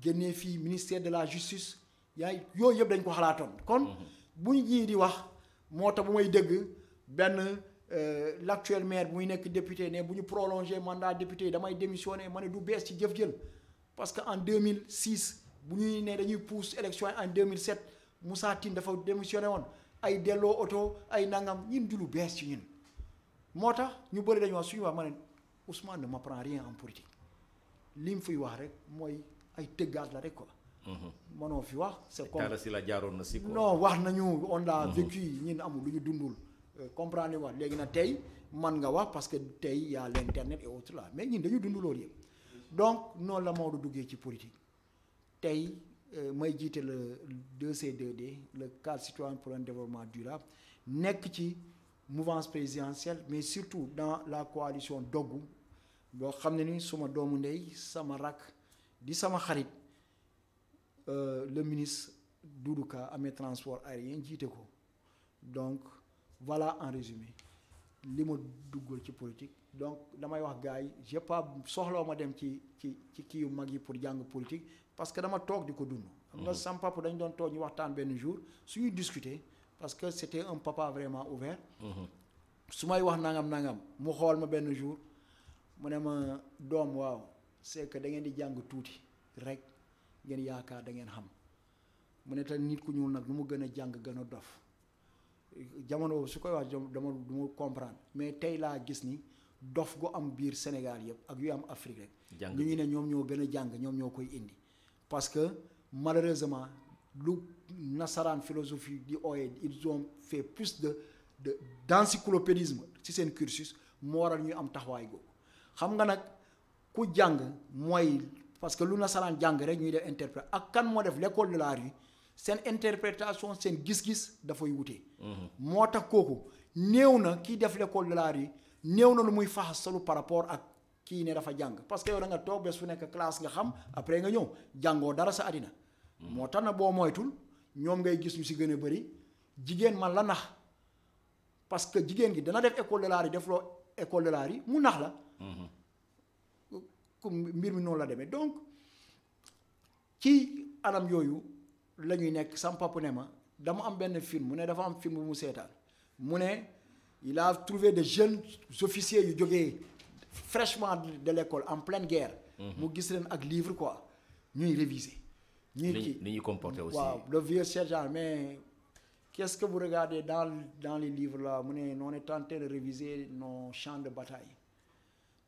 génnee ministère de la justice yaay yooyu yëpp dañ ko xalaatoon kon mhm. bu ñii di wax mota bu may deug ben l' euh, l'actuel maire muy nekk député ne buñu prolonger mandat député damay démissioner mané du bees ci jëf-jël parce que en 2006 bu né ne dañuy pousse élection en 2007 Moussa Tine dafa démissionné won ay delloo auto ay nangam ñun du lu ci ñun moo ñu bëri dañu wax suñu wax mané Ousmane ne m'apprend rien en politique lim mu wax rek moy ay tëggaat la rek quoi. mënoo mhm. fi wax c'est comme Talla Sylla jaaroon na si quoi. non wax nañu on a mhm. vécu ñun amul lu ñu dundul. Euh, comprendre wa léegi na tey man nga wax parce que tey y a l'internet et autres là mais ñun dañu dund loolu yëpp. donc noonu la Maodo duggee ci politique tey euh, may jiite le 2C2D le cadre citoyen pour un développement durable nekk ci mouvance présidentielle mais surtout dans la coalition dogu boo xam ne ni suma doomu ndey sama rakk di sama xarit euh, le ministre Doudou Ka amee transport aérien jité ko donc voilà en résumé li ma duggal ci politique donc damay wax gars j'ai pas soxlo ma dem ci ci ci kii yu mag yi pour jang politique parce que dama tok diko ko dund. xam nga mhm. sama papa dañ don toog ñu waxtaan benn jour suñu discuter parce que c'était un papa vraiment ouvert. Mhm. su may wax nangam nangam mu xol ma ben jour mu ne ma doom waaw. c'est que da ngeen di jàng tuuti rek ngeen yaakaar da ngeen xam mu ne te nit ku ñuul nag lu mu gën a jàng gën a dof jamono su koy wax dama du ma comprendre mais tey laa gis ni dof gu am biir Sénégal yëpp ak yu am Afrique rek. jàng ñu ne ñoom ñoo gën a jàng ñoom ñoo koy indi parce que malheureusement lu nasaraan philosophie di ooyee ils ont fait plus de de d'encyclopédisme ci seen cursus moo waral ñu am taxawaay googu xam nga nag. ku jàng mooy parce que lu nasaraan jàng rek ñuy def interprète ak kan moo def l'école de la rue seen interprétation gis-gis da wute. Mhm. moo tax kooku néew na kii def l'école de la rue néew lu muy salu par rapport ak kii ne dafa jàng parce que yow da nga toog bés fu nekk classe nga xam après nga ñëw jàngoo dara sa adina mhm. moo tax na boo moytul ñoom ngay gis ñu si gën a bëri jigéen man la nax parce que jigéen gi dana def école de la rue def loo école de la rue mu nax la. Mhm. mbir mi la demee donc ci anam yooyu la ñuy nekk sam papa ne ma dama am film mu ne dafa am film bu mu seetaan mu il a trouvé des jeunes officiers yu fraîchement de l'école en pleine guerre. Mhm. mu gis leen ak livre quoi ñuy réviser. ñuy Nous ni ñuy comporté aussi. waaw le vieux sergent mais qu'est-ce que vous regardez dans dans les livres là mu ne on est tenté de réviser nos champs de bataille.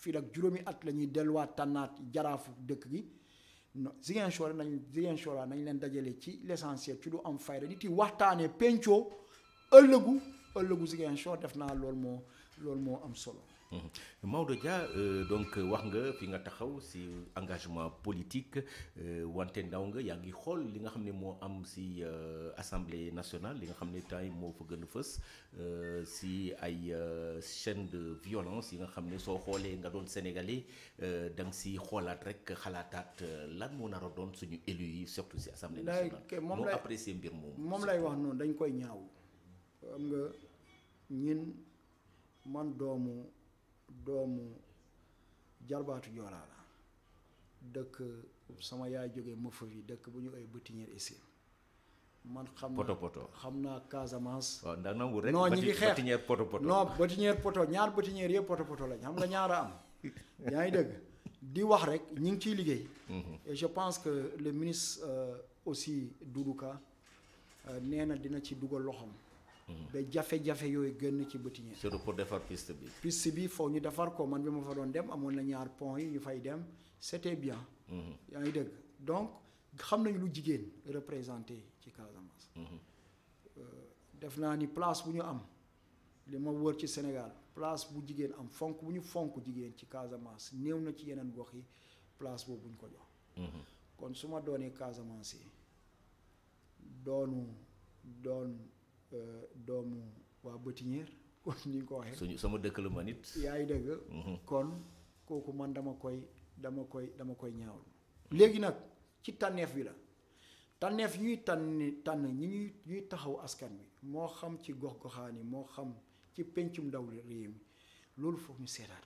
filak juromi at lañuy ñuy tanat tànnaat jaraafu dëkk gi Ziguinchor nañ nañ len dajale ci l'essentiel ci lu am fayra nit yi defna mo am solo. Mhm. Maodo Dia euh, donc euh, wax nga fi nga taxaw si engagement politique euh, wante ndaw nga yagi ngi xool li nga am si assemblée nationale li nga xam ne temps fa gën si ay chaîne de violence yi nga xam ne soo nga sénégalais dans nga si xoolaat rek xalaataat lan moo nar a doon suñu élu surtout si assemblée nationale. moom lay apprécier mbir moom. moom lay wax noonu dañ koy ñaaw. am nga ñin man doomu doomu jarbaatu jorala deuk sama yaay joge mëfa fi deuk buñu ay Bettignères Essine man xamna naa poto poto xam naa Casamance. waaw ndax nangu rek. non ñi ngi xeex poto poto. non Bettignères poto ñaar Bettignères yëpp poto poto lañ xam nga ñaara am. yaay deug di wax rek ñi ngi ciy liggéey. Mhm. et je pense que le ministre euh, aussi Doudouka euh, neena dina ci duggal loxoom ba jafé jafé yoy génn ci boutique yi. surtout pour defar piste bi. piste bi foog ñu défar ko man bima fa doon dem amoon na ñaar pont yi ñu fay dem c'était bien. Mhm. yaa yaay deug donc xam nañu lu jigen représenter ci Casamance. Mhm. Euh, def naa ni place bu ñu am li ma wër ci Sénégal place bu jigen am fonk bu ñu fonk jigen ci Casamance néew na ci yenen gox yi place boobu buñ ko jox. Mhm. kon su ma doonee Casamance yi doonu doon. Eh, doomu waa Betinière kon ni ko waxee suñu sama dëkk la ma nit yaay dëgg mhm. kon kooku man dama koy dama koy dama koy ñaawul léegi nag ci tànneef bi la tànneef ñuy tànn tànn ñi ñuy ñuy taxaw askan wi moo xam ci gox goxaan mo moo xam ci pencum ndaw réew mi loolu foofu ñu seetaat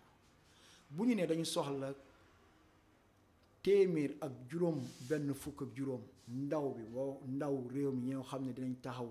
bu ñu ne dañu soxla téeméer ak juróom benn fukk ak juróom ndaw bi woo ndaw réew mi ñoo xam ne dinañ taxaw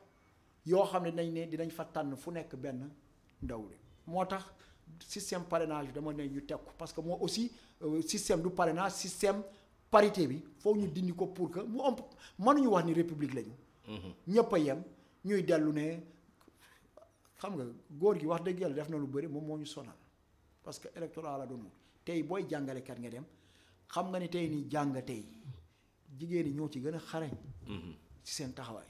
yoo xam ne nañ ne dinañ fa tànn fu nekk benn ndaw li moo tax système parrainage dama ne ñu teg ko parce que moo aussi euh, système du parrainage système parité bi foo ñu dindi ko pour que mu am mënuñu wax ni république lañu. Mhm. ñëpp a yem ñuy dellu ne xam nga góor gi wax dëgg yàlla def na lu bëri moom moo ñu sonal parce que électoral la doon tey booy jàngalekat nga dem xam nga ni tey ni jàng tey jigéen ñi ñoo ci gën a xarañ. Mhm. ci seen taxawaay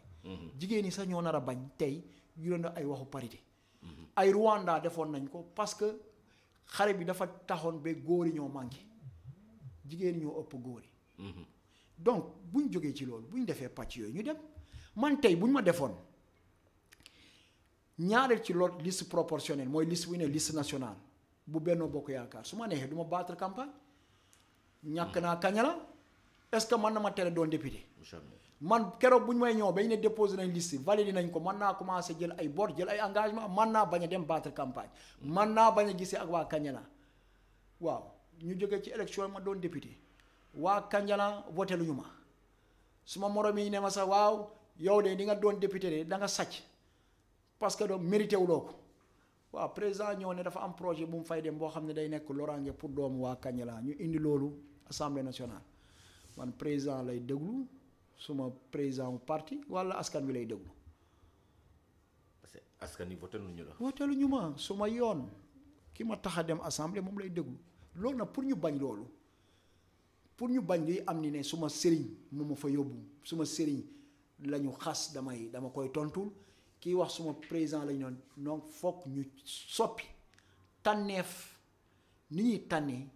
jigéen ñi sax ñoo nar a bañ tey ñu ay waxu parité. ay Rwanda nañ ko parce que xare dafa taxoon ba ñoo ñoo ëpp donc buñ ci loolu buñ defee pàcc ñu dem man tey buñ ma defoon ci liste proportionnelle liste liste nationale bu Benno Bokk Yaakaar battre campagne. ñàkk naa kañala est-ce que na ma député. man keroog bu ñu may ñëw bañ ne déposé nañ liste validé nañ ko man naa commencé jël ay boot jël ay engagement man naa bañ a dem battre campagne man naa bañ a gisee ak waa Kandiana waaw ñu jóge ci élection ma doon député waa Kandiana voté lu ñu ma su ma morom yi ne ma sax waaw yow de di nga doon député de da nga sàcc parce que doom mérité wuloo ko waaw président ñëw ne dafa am projet bu mu fay dem boo xam ne day nekk loraange pour doomu waa ñu indi loolu assemblée nationale man président lay déglu. suma président parti wala askan wi lay déglu. parce que askan wi woteeluñu la. woteeluñu ma suma yoon ki ma dem assemblée mom lay déglu loolu na pour ñu bañ loolu pour ñu bañ li am ni ne suma sëriñ mom fa yóbbu suma sëriñ lañu ñu xas damay dama koy tontul ki wax suma président lañ non donc fokk ñu soppi tanef ni tané.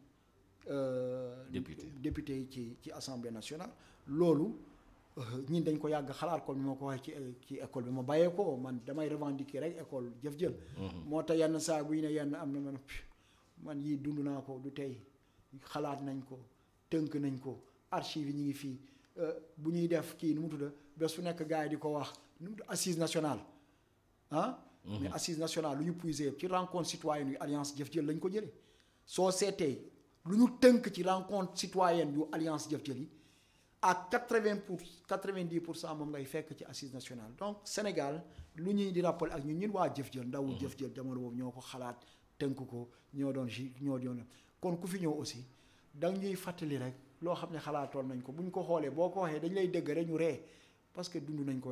euh député député ci ci assemblée nationale loolu. Euh, ñun dañ ko yàgg xalaat ko ni ma ko waxee ci euh, ci école bi ma bàyyee ko man damay revendiquer rek école jëf-jël. Mm-hmm. moo tax yenn saa bu ñu ne yenn am na man man yii dund naa ko du tey xalaat nañ ko tënk nañ ko archive yi ñu ngi fii euh, bu ñuy def kii nu mu tudd bés fu nekk gars yi di ko wax nu mu assise nationale ah. Mm-hmm. mais assise nationale lu ñu puiser ci rencontre citoyenne yu alliance jëf-jël lañ ko jëlee. soo seetee lu ñu tënk ci rencontre citoyenne yu alliance jëf-jël yi à 80 90 pour cent ngay fekk assise nationale donc Sénégal lu ñuy di rappel ak ñun ñun wa jëf jël ndawu mm-hmm. jëf jël jamono boobu ñoko xalaat ko ñoo doon doon kon ku fi aussi ñuy rek xalaatoon nañ ko ko dañ lay rek parce que nous nañ ko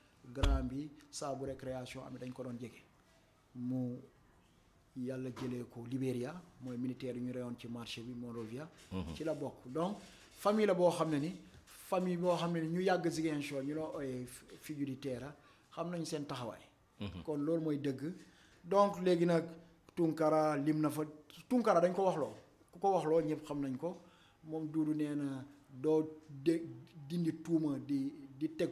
grand bi saa bu récréation am dañ ko don jege mu yalla jëlee ko Libéria moy militaire ñu reyoon ci marché bi Monrovia. Mhm. ci la bok donc famille la bo xamné ni famille boo xamné ne ni ñu yàgg Ziguinchor ñu loo ooyee figure di terra xam nañ seen taxawaay. Mhm. kon lool moy dëgg. donc légui nak Tunkara limna fa Tunkara dañ ko waxlo ku ko waxlo ñepp xam nañ ko mom Doudou nee do dindi tuuma di di teg.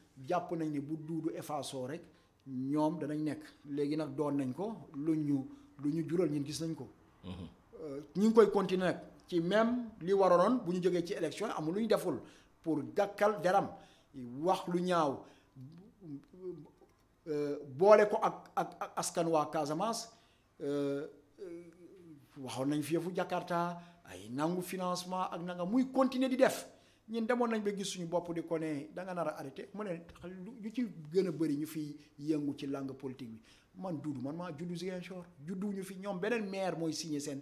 jàpp nañ ne bu duudu qui rek ñoom danañ nekk léegi nag doon nañ ko lu ñu jural ñun gis nañ ko. Mhm. Euh, ñu même li bu ñu ci deful pour gàkkal deram wax lu ñaaw euh, boole ko ak ak askan waa Casamance euh, waxoon nañ Jakarta ay financement ak continuer di def ñun demoon nañ di da a arrêté ci bëri ñu fi yëngu ci langue politique bi man man maa juddu ñu fi ñoom beneen maire mooy signé seen.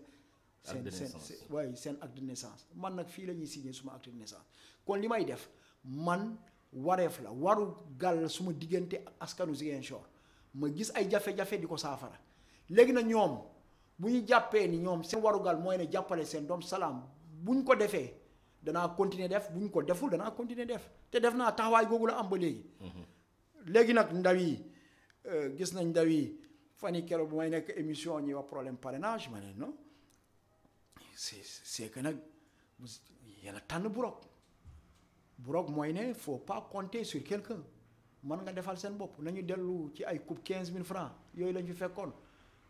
seen seen waaye acte de naissance man nag fii signé suma acte de naissance kon li def man wareef la waru gàll suma diggante askanu ma gis ay jafe-jafe di ko saafara léegi na ñoom bu ñu jàppee ni ñoom seen warugal mooy ne jàppale seen doom salaam buñ dana continuer def buñ ko deful dana continuer def té def naa taxawaay googu la am ba léegi. Mhm. léegi nag ndaw yi euh, gis nañ ndaw yi fan yi keroog bu may nekk émission ñi wa problème parrainage mané non c'est c'est que nak yéen a tànn Burok Burok moy né faut pas compter sur quelqu'un man nga defal sen bop nañu dellu ci ay coupe 15000 francs yoy lañ fi fekkoon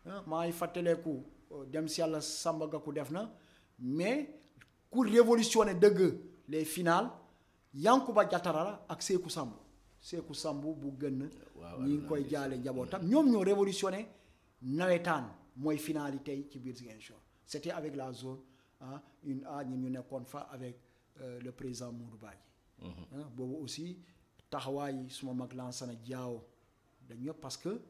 ah, maa fatelé fàttaleeku euh, dem si yàlla Samba Gaku def na mais ku révolutionné dëgg les finales Yankuba Diatara ak Seeku Samb Seeku Samb bu genn ñi ngi koy jaale njabootam ñom ñoo révolutionné nawetaan moy finalité ci bir Ziguinchor c'était avec la zone hein une a ah, ñu fa avec euh, le président Moudou Badji mhm. ah, bobu aussi taxawaay suma mag Lansana Diao dañu parce que euh,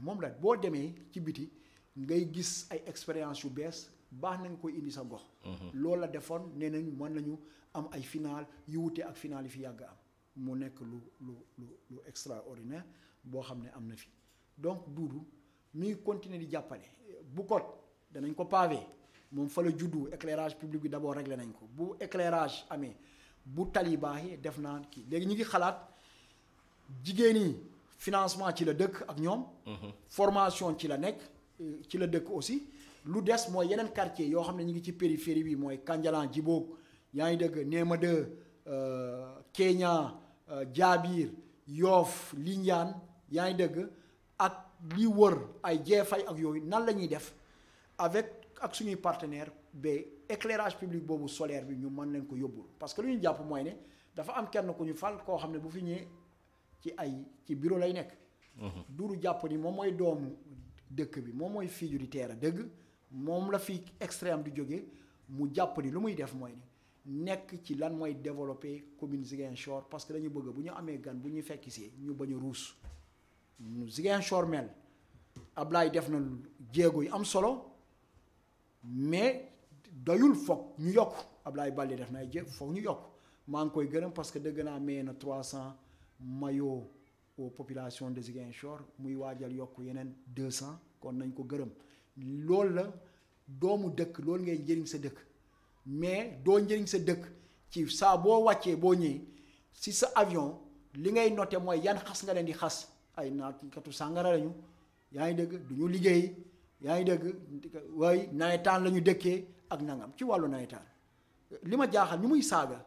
mom la bo démé ci biti ngay gis ay expérience yu bees baax nañ koy indi sa gox. Mhm. loolu la defoon nee nañ mën nañu am ay final yu wute ak final yi fi yàgg am mu nekk lu lu lu lu extraordinaire boo xam ne am na fi donc Doudou mi continuer di jàppale bu kot danañ ko pavé moom fa la juddu éclairage public bi d'abord régler nañ ko bu éclairage amee bu tali baax yi def naa kii léegi ñu ngi xalaat jigéen yi financement ci la dëkk ak ñoom. Mhm. formation ci la nekk ci la dëkk aussi lu des mooy yeneen quartier yo xam ñi ngi ci périphérie bi moy Kanjalan Djibok yaay deug dëgg Néma 2 euh, Kenya euh, Jaabir Yoof Lindiane yaa ngi dëgg ak li wër ay jeefay ak yoy nan lañuy def avec ak suñu partenaire ba éclairage public bobu solaire bi ñu man leen ko yobul parce que lu ñu jàpp mooy ne dafa am kenn ku ñu fal ko xam bu fi ñé ci ay ci bureau lay nekk. duru japp ni mom moy doomu dëkk bi moom mooy figure terre deug moom la fi extrême di jóge mu jàpp ni lu muy def mooy ni nekk ci lan mooy développer commune Ziguinchor parce que dañu bëgg bu ñu amee gan bu ñuy fekk si ñu bañ a ruus Ziguinchor mel Ablaye def na jéego yu am solo mais doyul foog ñu yokk Ablaye Baldé def na ay jéego foog ñu yokk maa ngi koy gërëm parce que dëgg naa maye na 300 mayo aux populations de Ziguinchor muy waajal yokk yeneen 200 kon nañ ko gërëm loolu la doomu dëkk loolu ngay njëriñ sa dëkk mais doo njëriñ sa dëkk ci saa boo wàccee boo ñëwee si sa avion li ngay noté mooy yan xas nga leen di xas ay naankatu sàngara lañu yaa ngi dëgg du ñu liggéey yaa ngi dëgg waaye nawetaan la ñu dëkkee ak nangam ci wàllu nawetaan li ma jaaxal ñu muy saaga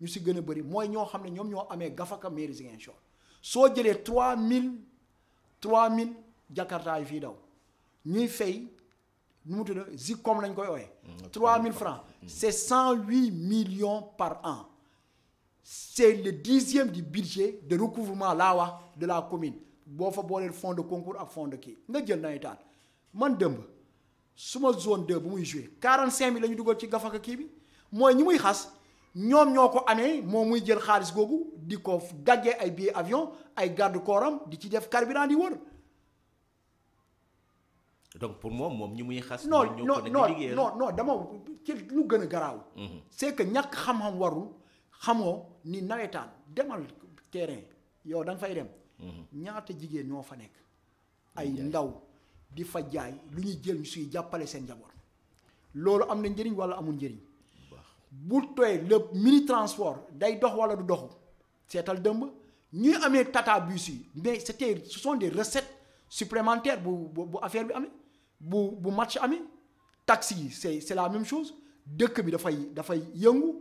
ñu si gën a bëri mooy ñoo xam ne ñoom ñoo amee gafaka mairie Ziguinchor soo jëlee trois mille trois mille jakarta yi fii daw ni fay nous mm, 000 francs mm. c'est 108 millions par an. c'est le dixième du budget de recouvrement de la commune faut fa le fonds de concours à fonds de qui nga dans man zone 2 bu muy 45000 la ci gafaka bi muy l'a muy billets avion ay garde di ci donc pour moi, non non non non dama ci lu mhm. c'est que ñak xam-xam warul xamo ni demal terrain Yo, da fay dem. Mhm. ñaata jigéen ñoo fa ay ndaw di fa jaay jël amul bu le mini transport day dox wala du ñuy tata bus mais c'était ce sont des recettes supplémentaires bu bu bu match ami taxi c'est c'est la même chose dëkk bi y dafay yëngu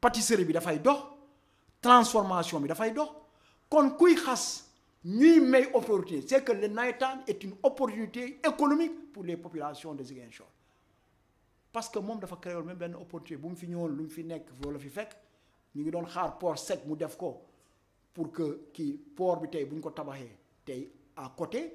pâtisserie bi dafay dox transformation bi dafay dox kon kuy xas ñuy may opportunité c'est que le nawetaan est une opportunité économique pour les populations de Ziguinchor parce que je dafa créé même benn opportunité bu mu fi ñëwoon lu mu fi nekk loolu fi fekk ñu ngi xaar port sec mu def ko pour que kii port bi tey ko à côté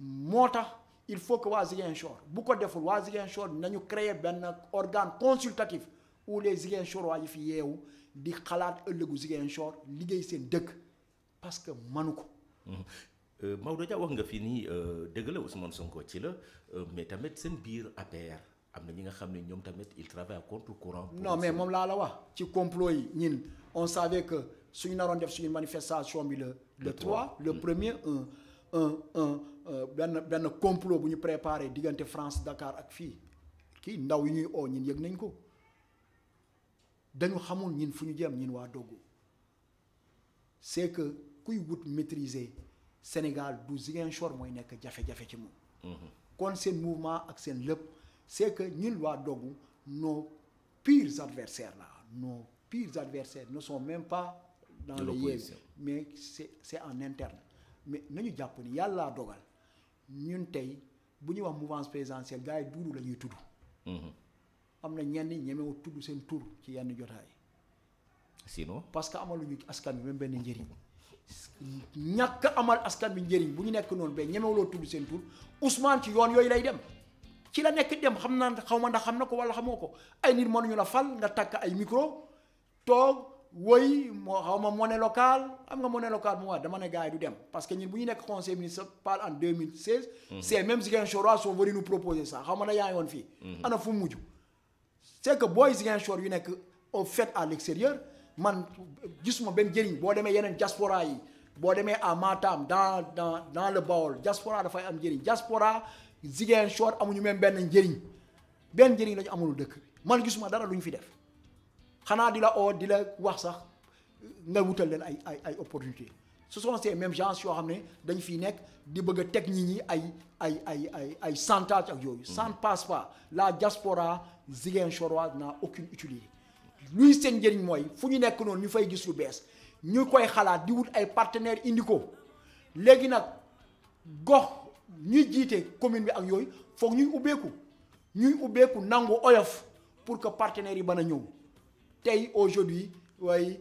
moo il faut que waa chor bu ko deful waa chor nañu créer ben organe consultatif où les Ziguinchor waa yi fi yeewu di xalaat ëllëgu chor liggéey sen dëkk parce que mënu ko. Mhm. Euh, Maodo Dia wax nga fi euh dëgg la Ousmane Sonko ci la euh, mais tamit sen bir APR amna ñi nga xamné ñom ñoom tamit il travaille à contre-courant. non mais mom la la wax ci complot yi ñin on savait que suñu naroon def suñu manifestation bi le. le 3 le mm. premier 1 un un euh, benn benn complot bu ñu préparé diggante France Dakar ak fi ki ndaw yi ñuy o ñin yegg nañ ko dañu xamul ñin fuñu ñu jëm ñin waa c'est que kuy wut maîtriser Sénégal du Ziguinchor moy nek jafé jafé ci moom. Mhm. kon seen mouvement ak seen lepp c'est que ñun wa dogu nos pires adversaires là nos pires adversaires ne sont même pas dans le mais c'est c'est en interne mais nañu japp ni yalla dogal ñun tay bu ñuy wax mouvance présidentielle gaay yi lañuy la hmm amna ñenn na wu tuddu seen tour ci yenn jotaay. sinon parce que ñu askan bi même benn njëriñ. amal askan bi njëriñ bu ñu nekk noonu ba ñemewuloo tuddu seen tour Ousmane ci yoon yoy lay dem ci la nekk dem xamna xawma xaw ma ndax xam ko wala xamoko ay nit mënuñu la fal nga tak ay micro toog. Oui, moi xaw ma monnaie locale am nga monnaie locale dama ne parce que nous, bu ñu conseil municipal en 2016. Mhm. c'est même Ziguinchorois sont venus nous proposer ça xaw ma monnaie yaa ngi mhm. ana fu c'est que booy Ziguinchor yu nekk au fait à l'extérieur man gisuma benn njëriñ boo demee diaspora yi à Matam dans dans dans le diaspora am diaspora même ben ben lañu amul man gisuma dara fi def xanaa di la oo di la wax sax nga wutal leen ay ay ay opportunité ce sont ces mêmes gens yoo xam ne dañ fi nekk di bëgg a teg nit ñi ay ay ay ay ay chantage ak yooyu ça ne passe pas la diaspora ziguinchoroise n'a aucune utilité luy seen njëriñ mooy fu ñu nekk noonu ñu fay gis lu bees ñu koy xalaat di wut ay partenaires indico ko léegi nag gox ñuy jiite commune bi ak yooyu foog ñuy ubbeeku ñuy ubbeeku nangu oyof pour que partenaires yi mën a ñëw aujourd'hui way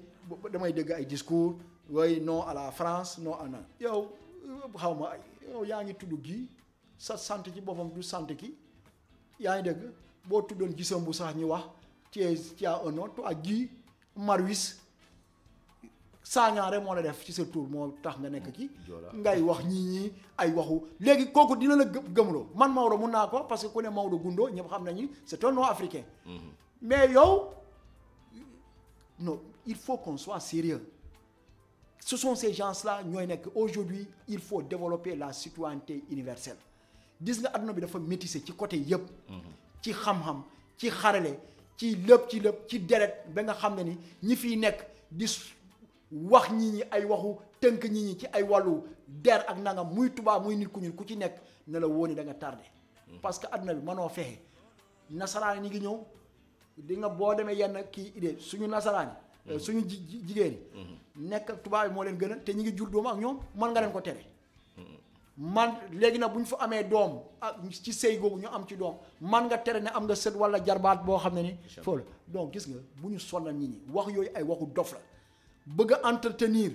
damay des ay discours way non à la France non à nana yow xaw ma ay yow ça qui, sa vous ci qui, du sant ki yaa ngi dégg boo wax un nom toi Guy Marius Sagna rek moo la def ci ce tur t'as tax nga nekk wax ay waxu les dina man parce que ku ne Gundo c'est un nom africain mm-hmm. mais yo. Non, il faut qu'on soit sérieux. Ce sont ces gens-là aujourd'hui il faut développer la citoyenneté universelle dis nga aduna bi dafa métissé ci côté ci xam-xam ci ci ci ci deret ba nga xam ni ñi wax ñi ay waxu ñi der ak muy muy nit ku ku ci mm. parce que qui bi mëno ngi li nga boo demee yenn kii idée suñu nasaraan yi mm-hmm. euh, suñu ji jigéen yi mm-hmm. nekk tubaab yi moo leen gënal a te ñu ngi jur doom ak ñoom man nga leen ko tere mm-hmm. man léegi nag bu ñu fa amee doom ak ah, ci sëy googu ñu am ci doom man nga tere ne am nga sët wala jarbaat boo xam ne ni foofu donc gis nga bu ñu sonal nit ñi wax yooyu ay waxu dof la bëgg a entretenir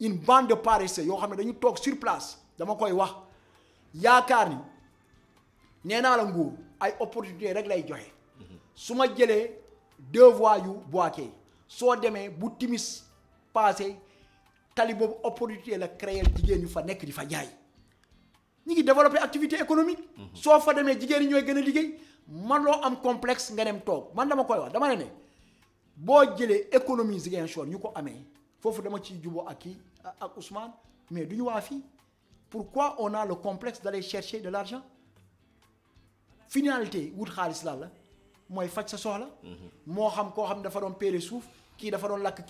une bande de paresseux yoo xam ne dañu toog sur place dama koy wax yaakaar ni nee naa la nguur ay opportunité rek lay joxe suma ma deux voies yu Boaké so demee bu timis passé tali boobu opportunité la créer jigéen yu fa nek di fa jaay ngi développer activité économique. Mhm. so fa demee jigéen ñoy gëna liggéey man lo am complexe nga dem tok man dama koy wax dama ne ne boo jëlee économie Ziguinchor ñu ñuko amé fofu dama ci juboo ak ki ak Ousmane mais duñu wa fi pourquoi on a le complexe d'aller chercher de l'argent finalité wut xaalis la la qui fait sa soxla. qui mhm. xam ko xam dafa doon a suuf da dafa doon lak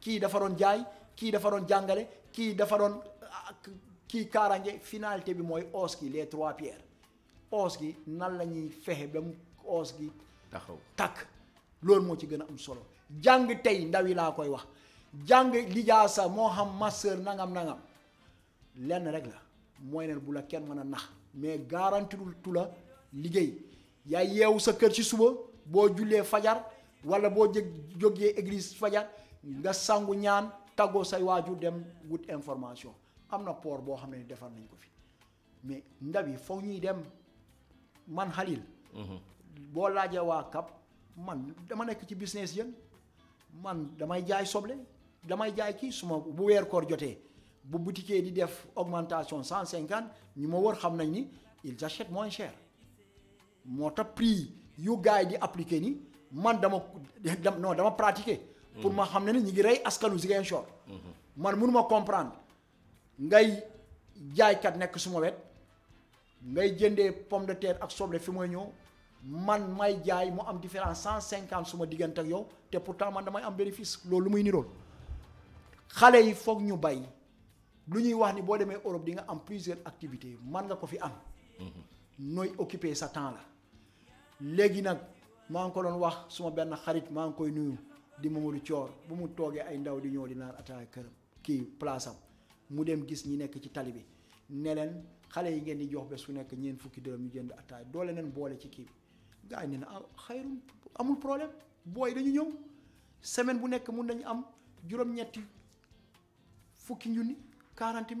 ki dafa doon jaay da dafa doon dafa doon ki finalité bi les trois pierres oski gi nan oski tac. fexe os gi. ci gëna am solo koy wax nangam nangam lenn rek la ne bu la mais garantirul tout yaa yeewu sa kër ci suba boo jullee fajar wala boo jég jógee église fajar nga sangu ñaan tàggoo say waajur dem wut information am na port boo xam ne defar nañ ko fi mais ndaw yi foog ñuy dem man xalil mhm. boo laajee waa kap man dama nekk ci business yën man damay jaay soble damay jaay kii suma bu weer koor jotee bu boutique di def augmentation 150 ñu ma wër xam nañ ni ils achètent moins cher je pri prix yu di ni man pour ma xamné ni ngi rey man comprendre ngay kat nek pomme de terre ak soble fi moy ñëw man may jaay mo am différence 150 suma pourtant man am bénéfice loolu muy xalé yi ñu bay lu ni Europe plusieurs activités man am nooy occuper sa temps la léegi nag maa ngi ko doon wax suma benn xarit maa ngi koy nuyu di Mamadou Thior bu mu toogee ay ndaw di ñëw di naan këram kii place am mu dem gis ñi nekk ci tali bi ne leen xale yi ngeen di jox ba su nekk ñeen fukki dërëm ñu jënd ci na amul problème dañu ñëw semaine bu nekk mun nañu am juróom-ñetti fukki 40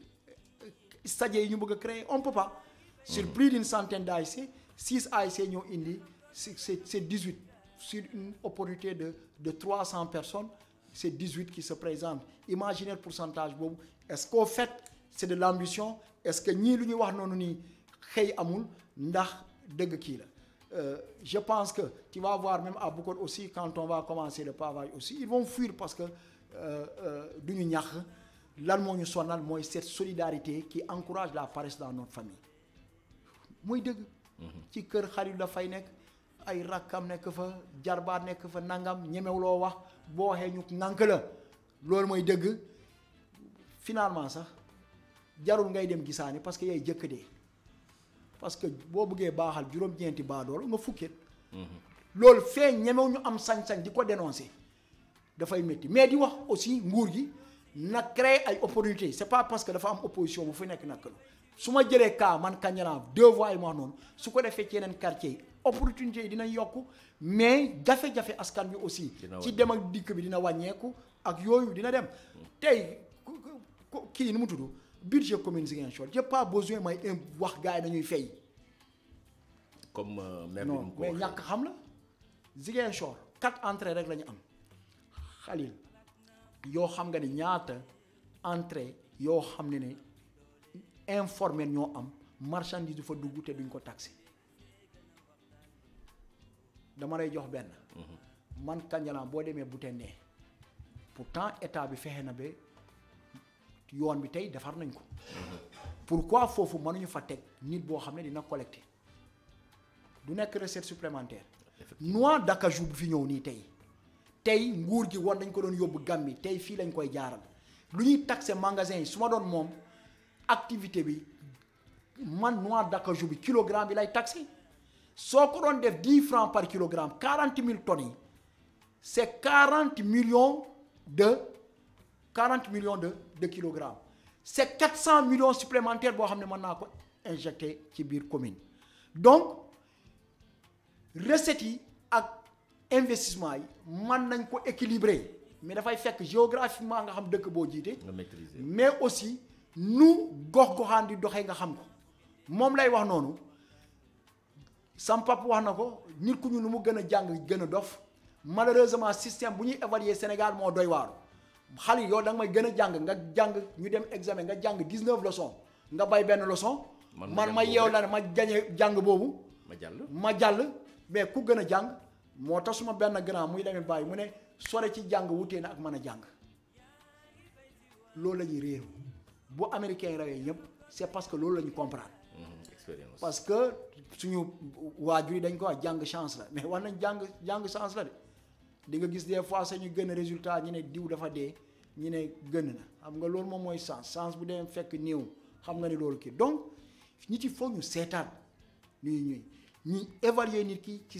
on ne créer on peut pas sur mm-hmm. plus d'une centaine d'IC 6 AIC indi c'est 18 sur une opportunité de 300 personnes c'est 18 qui se présentent imaginez le pourcentage est-ce qu'au fait c'est de l'ambition est-ce que nous, lu ni wax noonu ni xëy amul ndax de euh, je pense que tu vas voir même à beaucoup aussi, quand on va commencer le pavage aussi, ils vont fuir parce que euh, euh, du ñu l'allemagne sonal cette solidarité qui encourage la paresse dans notre famille moy deug mhm. ci keur la fay nek ay fa jarba nek fa nangam wax bo ñuk nank la finalement sax jarul ngay dem parce que yay jëk dé parce que boo bëggee baaxal juróom ba dool nga fukkee. Mhm. lool fee ñemew ñu am sañ-sañ di dénoncer dénoncer le metti mais di wax aussi nguur na créé ay opportunité c'est pas parce que dafa am opposition bu fi nek nak la su ka jëlee cas man Kandiarang deux voies moi non noonu su ko defee ci yenen quartier yi opportunité yi dinañ yokk mais jafé jafé askan bi aussi ci dem ak dik bi dina wàññeeku ak yooyu dina dem tay ki nu mu tudu budget commune Ziguinchor j'ai pas besoin may wax gaay dañuy fay comme euh, même non mais ñak xam la Ziguinchor quatre entrées rek lañu am Khalil Yo xam nga ni ñaata entrée yo xam ne ne informel ñoo am marchandise du fa dugg te duñ ko taxé dama lay jox benn. Mhm. man Kandialang boo demee Bouténé pourtant état bi fexé na bé yoon bi tay defar nañ ko. Mhm. pourquoi fofu mënuñu fa tek nit bo xamné dina collecter du nek recette supplémentaire. noix d'acajou bu ni ñëw tay nguur gi war nañ ko doon yóbbu gambi tay fi lañ koy jaaral lu ñuy taxé magasin suma magasins, les doon activité bi man noix d'acajou bi kilogramme bi lay taxé soko doon def 10 francs par kilogramme 40 000 tonnes c'est 40 millions de 40 millions de kilogrammes c'est 400 millions supplémentaires pour xamné man na ko commune donc la ak investissement yi man nañ ko équilibrer mais dafay fekk géographiquement nga xam dëkk boo jiite. nga maîtriser mais aussi nu gox-goxaan di doxee nga xam ko moom lay wax noonu sam pap wax na ko nit ku ñu nu mu gën a jàng gën a dof malheureusement système bu ñuy évaluer Sénégal moo doy waaru xale yow da nga may gën a jàng nga jàng ñu dem examen nga jàng 19 leçons nga bay benn leçon. man ma yeew la ma jañe jàng boobu. ma jàll ma jàll mais ku gën a jàng. C'est suma grand muy mu né ci jang wuté nak jang a jàng réew bu américain c'est parce que lañu comprendre. Mm-hmm, parce que suñu wajuri dañ ko wax chance la mais war nañ jang chance la de di nga gis des fois sañu gën résultat ñi né diw dafa dé ñi né gën na xam nga loolu chance chance bu fekk nous, xam nga ni donc ñi ci ñu ñuy ñuy ñi évaluer ki ci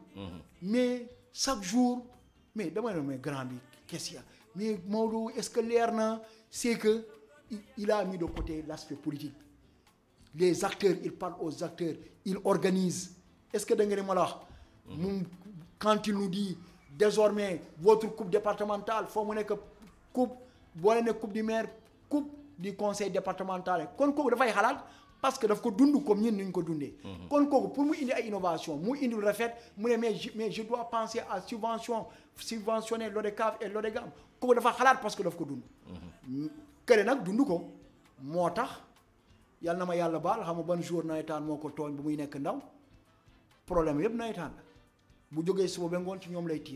mais chaque jour mais d'abord ne mais grand qu'est-ce qu'il a mais est-ce que l'air c'est que il a mis de côté l'aspect politique les acteurs il parle aux acteurs il organise est-ce que vous mala mhm. quand il nous dit désormais votre coupe départementale il faut que coupe voilà une coupe du maire coupe du conseil départemental coupe parce que daf ko dund comme ñun ñu ko mhm. kon pour mu indi innovation mu indi mais je dois penser à subvention subventionner l'ODCAV et l'ODGAM kooku dafa xalaat parce que daf ko dund. Mhm. nak dund ko motax yalla na ma xam ban jour problème bu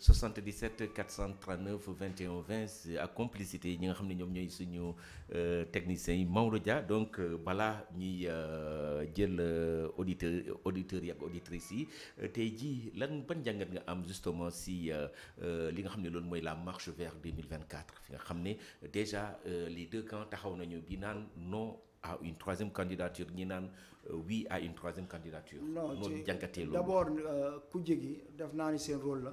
77 439 21 20 à complicité ñi nga xam ñom ñoy ñooy suñu euh, techniciens yi Maodo Dia donc euh, balaa ñuy euh, jël auditeur auditeur yak auditrice tay ji tey lan ban jangat nga am justement si li nga xam lool moy la marche vers 2024 fi nga xam déjà les deux camps taxaw nañu bi nan non à une troisième candidature ñi nan oui à une troisième candidature. non jangaté lool d'abord ku jegi def naa sen rôle la.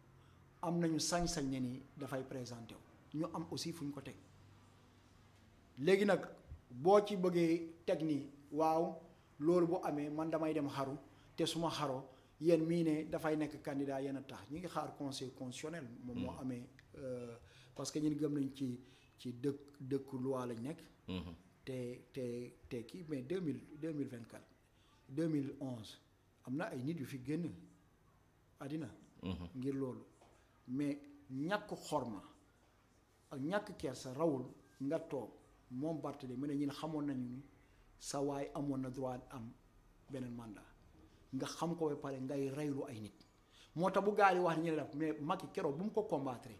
am nañu sañ-sañ ne ni dafay présenté ñu am aussi fuñ ko teg légui nag bo ci bëggee teg ni waw loolu bu amé man damay dem xaru té suma xaro yeen mi né da fay nekk candidat yeen a tax ñu ngi xaar conseil constitutionnel. mo mm. amé euh parce que ñun gëm nañ ci ci dëkk dëkku loi lañ nekk. Mm-hmm. te te te ki mais 2000 2024 2011 amna ay nit yu fi génn àddina. Mm-hmm. ngir loolu mais ñàkk xorma ak ñàkk kersa rawul nga to moom Barthélémy mu ne ñun sa waay amoon droit am beneen nga xam ko ba pare ngay reylu ay nit moo tax bu gaa yi wax ni mais Macky keroog bu mu combattre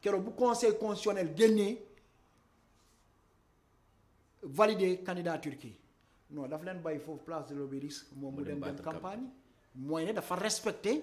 keroog bu conseil constitutionnel génnee valider candidat turki non daf leen bàyyi foofu place de l'Obélisque moom mu de dem campagne mooy de dafa respecter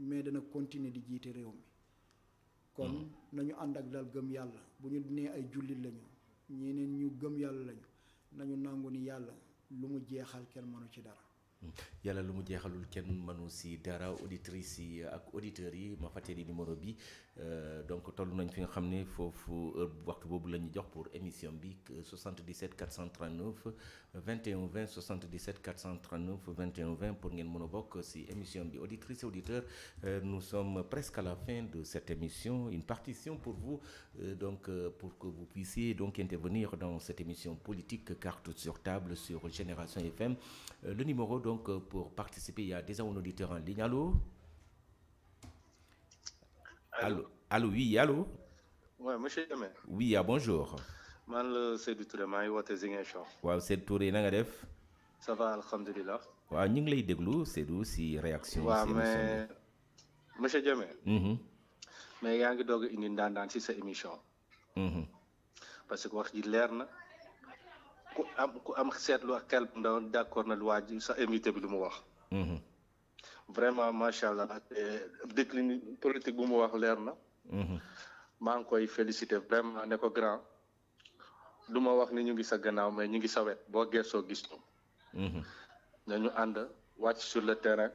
mais dana continuer di jiite réew mi kon hmm. nañu ànd ak dal gëm yàlla bu ñu nee ay jullit lañu ñeneen ñu gëm yàlla lañu nañu nangu ni yàlla lu mu jeexal kenn mënu ci dara hmm. lu mu dara ak numéro euh, donc toll nañ fi nga xam ne foofu heure waxtu boobu la jox pour émission bi 77 439 21 20 77 439 21 20 pour ngeen mën bokk si émission bi auditrices et auditeurs euh, nous sommes presque à la fin de cette émission une partition pour vous euh, donc pour que vous puissiez donc intervenir dans cette émission politique carte sur table sur Génération FM le numéro donc pour pour participer. Il y a déjà un auditeur en ligne. Allô Allô, allô oui, allô Oui, monsieur le Oui, ah, bonjour. man la Seydou Touré maa ngi woote Ziguinchor. waaw Seydou Touré na nga def. ça va alhamdulilah. waaw ñu ngi lay déglu Seydou si réaction. waaw mais monsieur Diémé. Mm-hmm. mais yaa ngi doog a indi ndaan-ndaan si sa émission. Mm-hmm. parce que wax ji leer na. ku am ku am seetlu ak xel bu ndaw d'accord na lu waa ji sa invité bi lu mu wax. Mhm. vraiment macha allah déclin politique bu mu wax leer na. Mhm. maa ngi koy félicité vraiment ne ko grand du ma wax ni ñu ngi sa gannaaw mais ñu ngi sa wet boo soo gis ñu. Mhm. ànd wàcc sur le terrain.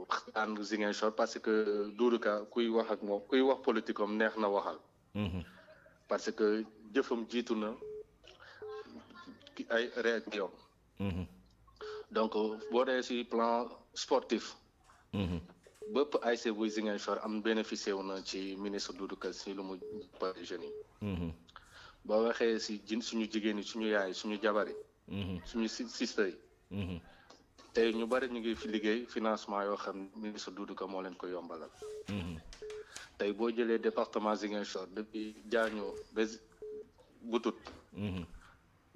waxtaan Ziguinchor parce que Doudou Ka kuy wax ak moom kuy wax politique neex na waxal. parce que jëfam jiitu na. ay réaction mm-hmm. donc boo dee si plan sportif mm-hmm. bëpp ASC buy Ziguinchor am bénéficié wu na ci ministre Doudou Ka si lu mu jàppale yi mm-hmm. boo waxee si jin suñu jigéen yi suñu yaay suñu jabar yi suñu sister yi tey ñu bari ñu ngi fi liggéey financement yoo xam ne ministre Doudou moo leen ko yombalal tey boo jëlee département Ziguinchor depuis jaañoo ba butut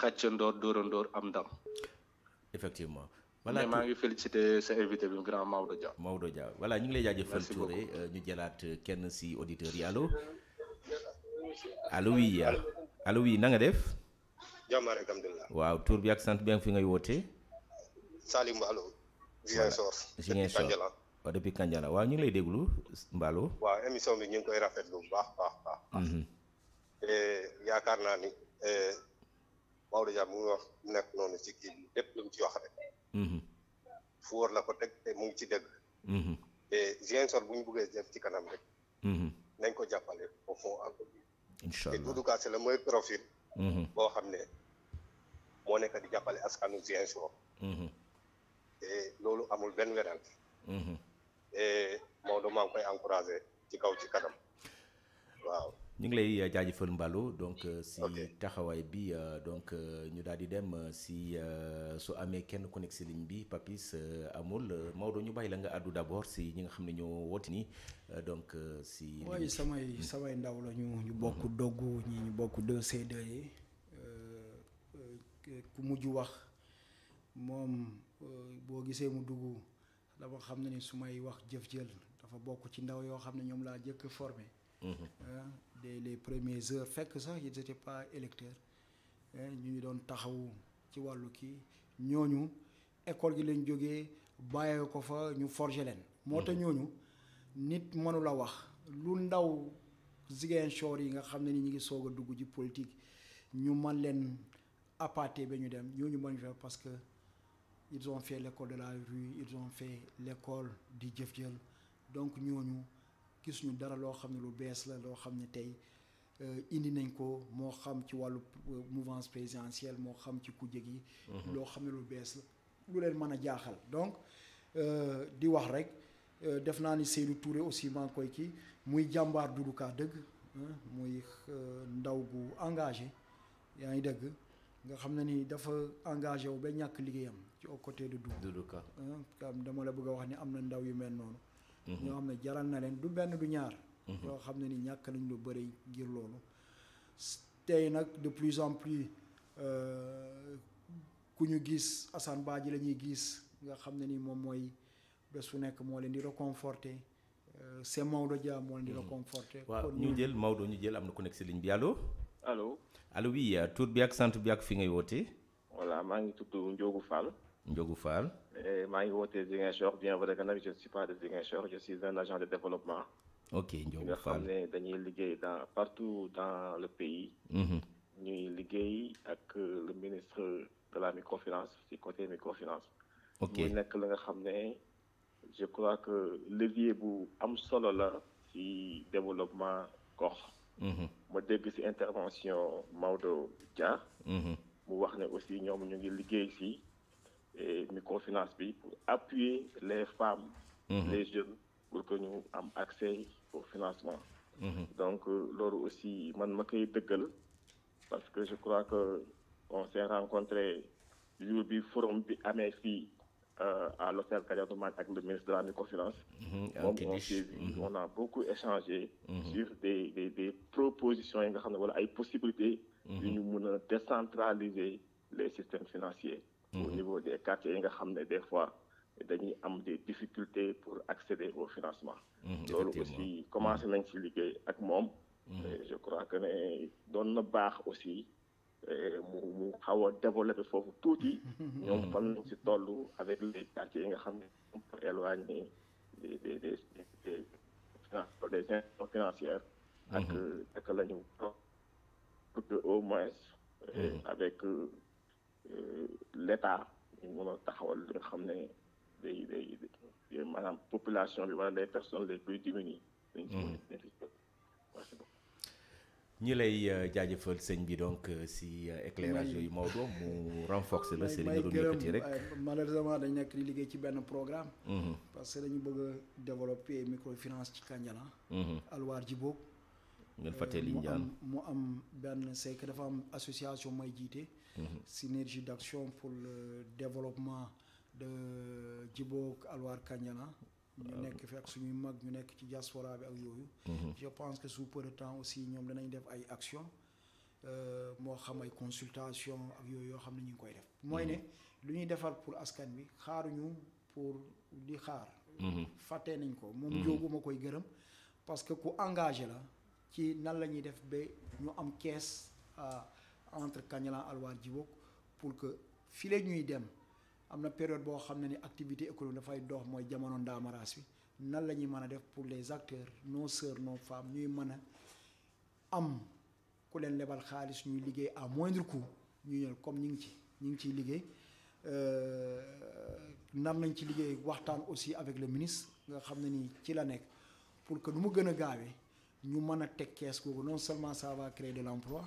xàccandoor dóorandoor am ndam. effectivement. voilà maa ngi félicité sa invité bi grand Maodo Dia. Maodo Dia voilà ñu ngi lay jaajëfal Touré euh, ñu jëlaat euh, kenn si auditeurs yi allo. allo oui allo oui na nga def. jàmm rek waaw tur bi ak sant bi fi ngay wootee. Salim Mballo. Ziguinchor Ziguinchor waaw depuis Kandiala waaw ñu ngi lay déglu Mballo. émission bi ñu ngi koy rafetlu bu baax baax baax. Mhm. yaakaar naa ni. Euh, Maodo Dia mu ngi wax nekk noonu ci kii bi lépp lu mu ci wax rek. Mhm. fu war la ko teg mu ngi ci dégg. Mhm. te Ziguinchor bu ñu buggee def ci kanam rek. Mhm. nañ ko jàppale au ak au lieu. incha allah te la mooy profil. boo xam ne moo nekk di jàppale askanu Ziguinchor. te loolu amul benn werante. te Maodo maa ngi encouragé ci kaw ci kanam waaw. ñu ngi lay euh, jaajëfal Mballo donc euh, si taxawaay bi euh, donc ñu daal di dem si su amee kenn ku nekk si ligne bi Papis amul Maodo ñu bàyyi la nga àddu d'abord si ñi nga xam ne ñoo woote ni donc si. waaye samay hmm. samay ndaw lañu ñu bokk mhm. doggu ñi ñu bokk deux c yi e, ku mujj wax moom boo gisee mu dugg dafa xam ne ni su may wax jëf jël dafa bokk ci ndaw yoo xam ne ñoom laa jëkk formé. Mhm. Ah. dès les premières heures fait fekk sax ils étaient pas électeurs hein, ñu ñu doon taxawu ci wàllu kii ñooñu école gi lañ jógee bàyyee ko fa ñu forger leen. moo tax mm-hmm. ñooñu nit mënu la wax lu ndaw Ziguinchor yi nga xam ne ni ñu ngi soog a ci politique ñu man leen appâté ba ñu dem ñooñu mën fa parce que ils ont fait l'école de la rue ils ont fait l'école di jëf donc ñooñu gisuñu dara loo xam ne lu bees la loo xam ne tey euh, indi nañ ko moo xam ci wàllu euh, mouvance présidentielle moo xam ci kujje gi. Mhm. loo xam ne lu bees la lu leen mën a jaaxal donc euh, di wax rek def naa ni Seydou Touré aussi maa ngi koy kii muy jàmbaar Doudou Ka dëgg hein, muy ndaw gu engagé yaa ngi dëgg nga xam ne ni dafa engagé wu ba ñàkk liggéeyam ci au côté de Doudou Ka hein, dama la bëgg a wax ni am na ndaw yu mel noonu Mm-hmm. ñoo xam ne jaral na leen du benn du ñaar yoo mm-hmm. xam ne ni ñàkk nañ lu bëri ngir loolu tey nag de plus en plus euh, ku ñu gis Assane Badji la ñuy gis nga xam ne ni moom mooy bés su nekk moo leen di réconforter euh, c'est Maodo Dia moo leen di mm-hmm. reconforter waaw ñu jël Maodo ñu jël am na ku nekk si ligne bi allo allo allo oui euh, tur bi ak sant bi ak fi ngay wootee voilà maa ngi tudd Ndiogou Fall eh, je suis pas je suis un agent de développement. ok partout dans le pays. Mm-hmm. ñuy liggéey avec euh, le ministre de la microfinance du côté microfinance. ok je crois que levier bu solo développement mm-hmm. intervention Maodo Dia. Mm-hmm. aussi et microfinance pour appuyer les femmes mhm. les jeunes pour que nous ayons accès au financement mhm. donc euh, là aussi je me koy parce que je crois qu'on on s'est rencontré jour bi forum bi mes filles euh, à l'hôtel Kadiatoman avec le ministre de la microfinance. Mhm. on, a beaucoup échangé sur des, des, des propositions et des possibilités de décentraliser les systèmes financiers au mhm. niveau des quartiers des fois des difficultés pour accéder au financement. Donc, mhm, aussi commencé avec ci mhm. je crois que dans nos aussi. nous mu développé tout avec les quartiers éloigner des des institutions financières. des avec. Euh, l'état ñu mën a taxawal li nga xam ne day day day maanaam population bi wala les personnes les plus démunies. Mm-hmm. ñi lay euh, jaajëfal sëñ bi donc euh, si euh, éclairage yooyu do mu renforcer la sëriñ nga doon yëkkati rek malheureusement dañ nek di liggéey ci benn programme mm-hmm. parce que dañu bëgg développer microfinance ci kanjala mm-hmm. alwar ji boog ngeen fàttee li mu am benn c'est que dafa am association may jité Mhm. synergie d'action pour le développement de Djibo Alwar Kanyana. ñu nekk fi ak suñuy mag ñu nekk ci diaspora bi ak yooyu. Mhm. je pense que sous peu de temps aussi ñoom danañ def ay actions euh, moo xam ay consultations ak yooyu yoo xam ne ñu ngi koy def. mooy ne mhm. lu ñuy pour askan bi xaaruñu pour di xaar. faté nañ ko. moom jóobu ma koy gërëm parce que ku engagé la ci nan la ñuy def ba ñu am kees entre Kañalan Alwar Djibok pour que fi ñuy dem amna période bo xamné ne ni activité économique dafay dox moy jamono ndaamaraas wi nan lañuy mëna def pour les acteurs nos sœurs nos femmes ñuy mëna am ku len lebal xaalis ñuy liggéey à moindre coût ñu ñëw comme ñing ci ñing ci ciy euh nar nañ ci liggéey waxtaan aussi avec le ministre nga xamné ne ci la nek pour que nu mu gëna gaawé ñu mëna tek caisse non seulement ça va créer de l'emploi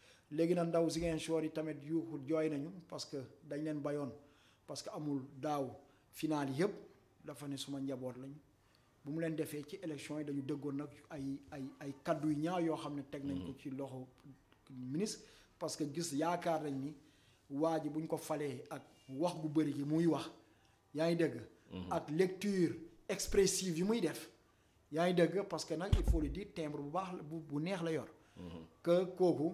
na ndaw nañu parce que dañ parce que final dafa ne suma leen ci élection yi nañ ko mm-hmm. ci loxo ministre parce que gis nañ ni buñ ko ak wax mm-hmm. lecture expressive yi parce que il faut le dire timbre bu baax bu neex mm-hmm.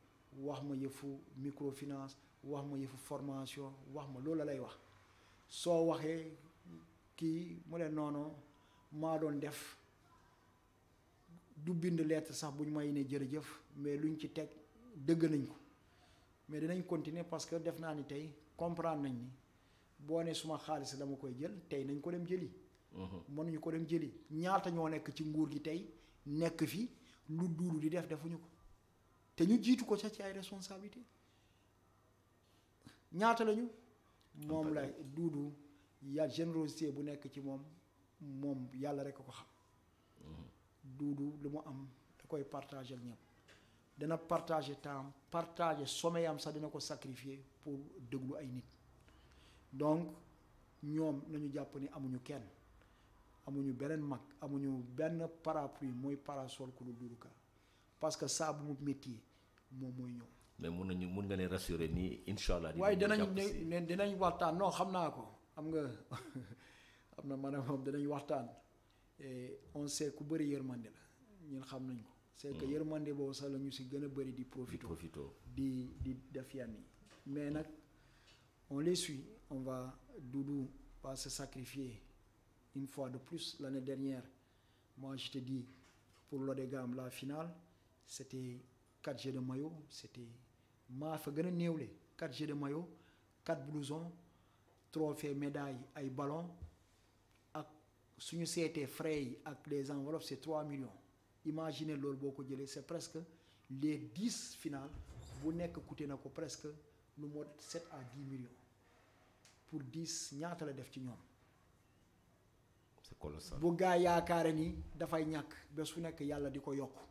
wax ma yëfu microfinance wax ma yëfu formation wax ma loolu la lay wax soo waxee kii mu ne noono maa doon def du bind lettre sax buñ ñu may ne jërëjëf mais luñ ci tek dëgg nañ ko mais dinañ continuer parce que def naa ni tey comprendre nañ ni boo ne suma xaalis dama koy jël tey nañ ko dem jëli. Mhm. mënuñu ko dem jëli ñaata ñoo nekk ci nguur gi tey nekk fi lu duuru di def defuñu ko. Nous ñu jitu ko Nous avons ay responsabilité lañu la ya générosité bu Nous ci mom mom rek ko xam nous mm-hmm. am da koy partager ñep partager temps partager sommeil am dina ko sacrifier pour nous. ay nit donc nous. nañu ni amuñu kenn amuñu Nous amuñu benn parapluie Nous parasol parce que ça, bu mu métier moom mooy ñëw. mais mun nañu mun nga leen rassurer ni incha allah. waaye dinañ ne dinañ waxtaan non xam naa ko xam nga xam na maanaam moom dinañ waxtaan on sait ku bëri yërmande la ñun xam nañ ko. c'est que hmm. yërmande boobu sax la ñu si gën a bëri di. profito di di def yenn yi mais nag on les suit on va Doudou va se sacrifier une fois de plus l'année dernière moi je te dis pour l'ODEGAM la finale c'était 4 jeux de maillot c'était ma 4 jeux de maillot 4 blousons trophées, médailles, ballons. Si ak suñu été frais avec les enveloppes c'est 3 millions imaginez loolu beaucoup ko c'est presque les 10 finales bu que coûté presque 7 à 10 millions pour 10 nous la def ci ñoom. c'est colossal bu fait un ni de ñàkk vous fu nekk yàlla di de yokk.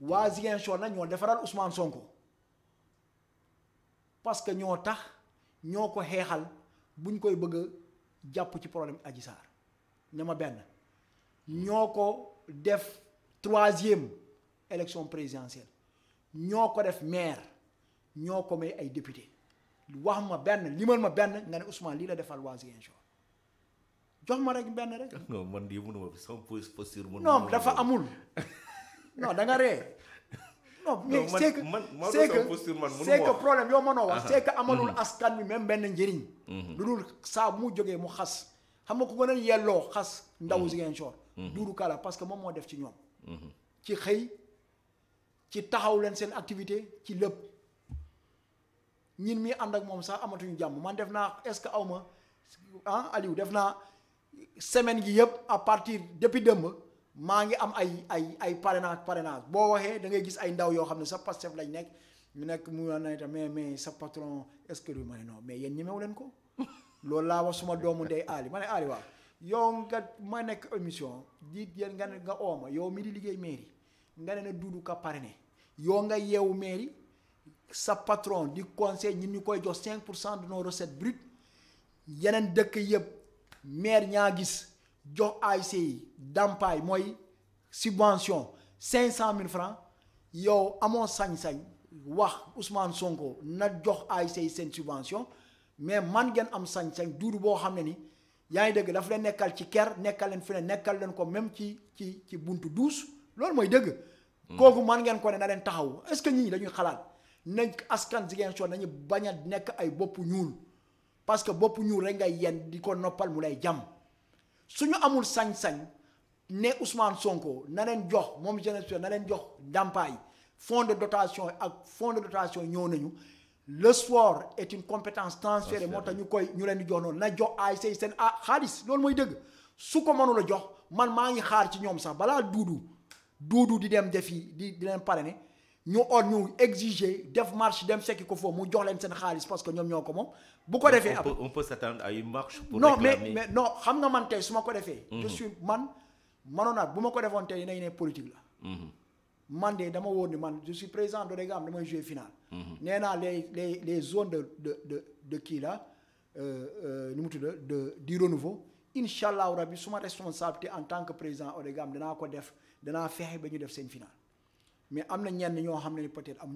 waa Ziguinchor nag ñoo defaral Ousmane Sonko parce que ñoo tax ñoo ko xéxal buñ koy bëgg japp ci problème Adji Sarr ne ma benn ñoo ko def 3e élection présidentielle ñoo ko def maire ñoo ko may ay député wax ma ben limal ma ben nga ne Ousmane li la defal waa Ziguinchor jox ma rek ben rek. non man lii mënuma sama posture. non dafa amul. non da nga ree non mais c'est que c'est que c'est que problème yow mënoo wax c'est que amalul mm-hmm. askan bi même benn njëriñ mm-hmm. lu dul saa mu jógee mu xas xam nga ku gën a yelloo xas ndaw mm-hmm. Ziguinchor Doudou Ka la parce que moom moo def ci ñoom ci xëy ci taxaw leen seen activité ci lépp ñin mi ànd ak moom sax amatuñu jàmm man def naa est-ce que aw ma ah Aliou def naa semaine gi yëpp à partir depuis démb maa ngi am ay ay ay parrainage parrainage boo waxee da ngay gis ay ndaw yoo xam ne sa Pastef lañ nekk mu nekk mu ne mais mais sa patron est-ce que du ma ne non mais yéen ñemewu leen ko loolu laa wax suma doomu ndey Ali ma ne Ali waaw yow nga ma nekk émission di yéen nga ne nga ooma yow mi di liggéey mairie nga ne na dudu Ka parrainé yow nga yeewu mairie sa patron di conseil ñun ñu koy jox 5 pour cent de nos recettes brutes yeneen dëkk yëpp maire ñaa gis. ICI subvention cinq cent francs yo amoo sañ-sañ wax Ousmane Sonko na jox ICI sen subvention mais man am sañ-sañ dur bo ni dafa nekkal ci ker nekkal fi même ci ci ci buntu douce loolu moy deug hmm. man ngeen ko ne na est-ce que ni dañuy askan parce que bop ñuul rek ngay yenn diko suñu amul sañ-sañ ne Ousmane Sonko na avons jox na nous jox de dotation ak fonds de dotation nañu le sport est une compétence transférée mo tax ñu ñu leen di jox na jox seen ah khalis lool man ngi xaar ci di ñu or ñu exiger def marche dem sekki ko foofu mu jox leen seen xaalis parce que ñoom ñoo ko moom. bu ko defee am on peut s'attendre à une marche pour non mais non xam nga man tey su ma ko defee. Mhm. je suis man manoon naat bu ma ko defoon tey nañ politique la. Mhm. man de dama woon man je suis président de Degam damay jouer final. Mhm. nee naa les les les zones de de de de là la euh, euh, nu mu tudd de di renouveau incha allahu rabi suma responsabilité en tant que président Odegam danaa ko def danaa fexe ba ñu def seen final mais amna ñenn ñoo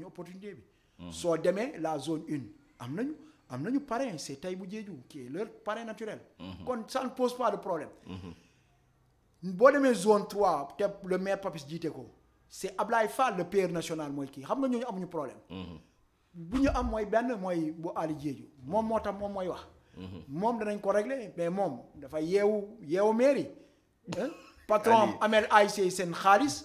opportunité bi. so la zone 1. amnañu c'est Taïbou qui est leur parrain naturel. Mhm. ça ne pose pas de problème. Mhm. bonne une zone 3 le maire Papis djité ko c'est Ablaye Fall le père national un problème. xam nga avez amuñu problème. Mhm. bu ñu am moy ben moy bu Ali Diédiou, mom motam mom moy wax. ko régler mais da fa mairie hein? patron amel un khalis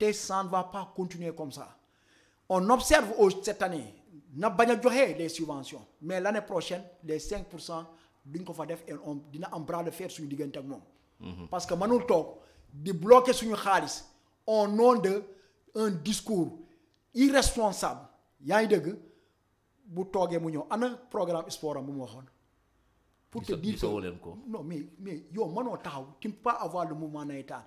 Et ça ne va pas continuer comme ça on observe cette année on a les subventions mais l'année prochaine les 5 du cent en ko on bras de fer sur mhm. parce que maintenant, toog di bloquer suñu Khalis au nom de un discours irresponsable il y a bu gens mu ont ana programme sport pour te dire que non mais mais yo, tu ne peux pas avoir le mouvement état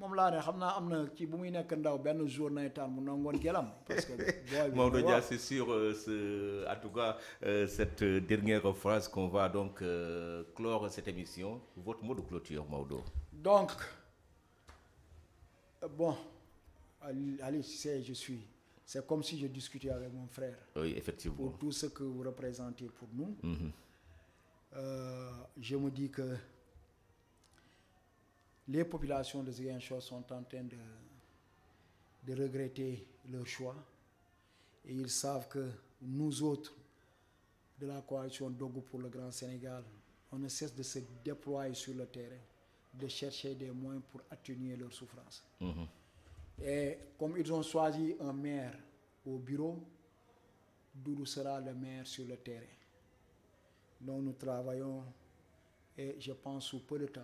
mom c'est sur euh, en tout cas euh, cette dernière phrase qu'on va donc euh, clore cette émission votre mot de clôture Maudo. donc bon allez c'est je suis c'est comme si je discutais avec mon frère oui effectivement pour tout ce que vous représentez pour nous mm-hmm. je me dis que les populations de Ziguinchor sont en train de, regretter leur choix. Et ils savent que nous autres, de la coalition Dogo pour le Grand Sénégal, on ne cesse de se déployer sur le terrain, de chercher des moyens pour atténuer leur souffrance. Mhm. Et comme ils ont choisi un maire au bureau, Doudou sera le maire sur le terrain. Donc nous travaillons et je pense sous peu de temps,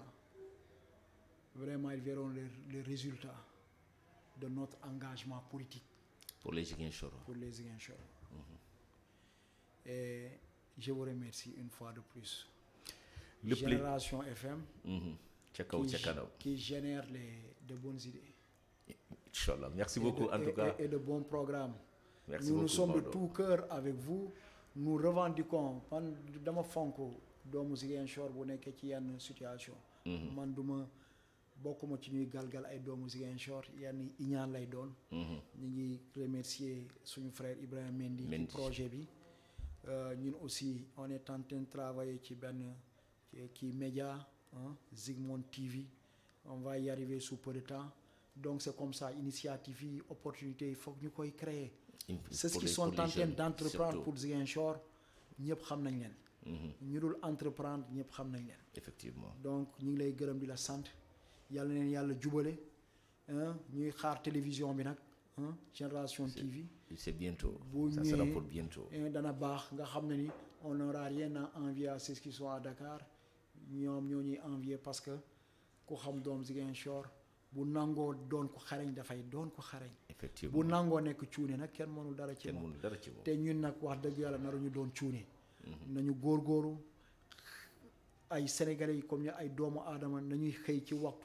Vraiment, ils verront les, résultats de notre engagement politique. Pour les Iguinchoro. Pour les Iguinchoro. Mmh. Et je vous remercie une fois de plus. Génération FM mm-hmm. qui, génère les, de bonnes idées. Inch'Allah. Merci beaucoup, en et, tout cas. Et, de bons programmes. nous, nous sommes de tout cœur avec vous. Nous revendiquons. Dans mm-hmm. ma fonko, dans une situation, Beaucoup ci ñuy galgal ay doomu Ziguinchor yenn iñaan lay doon. Mhm. ñu ngi remercier suñu frère Ibrahim Mendy. le projet bi. Euh, aussi on est en train de travailler ci qui médias, média hein, TV on va y arriver sous peu de temps donc c'est comme ça initiative opportunité faut que que y créer. c'est ce qu'ils sont en train d'entreprendre pour Ziguinchor ñëpp xam nañ leen. Nous mhm. dul entreprendre nous effectivement donc nous. ngi lay gërëm di la santé yàlla neen djubale hein ñuy xaar télévision bi nak hein génération TV. c'est bientôt ça sera pour bientôt et hein, dana bax nga xamné ni on aura rien à envier à ceux qui sont à Dakar ñom ñoy ñuy envier parce que ku xam doom Ziguinchor bu nango doon ko xareñ da fay doon ko xareñ bu nango nek ciune nak kenn mënul dara ci moom te ñun nak wax deug yalla naru ñu doon ciune mm-hmm. nañu gor góorgóorlu ay sénégalais comme ñu ay doomu aadama nañuy xey ci waxtu.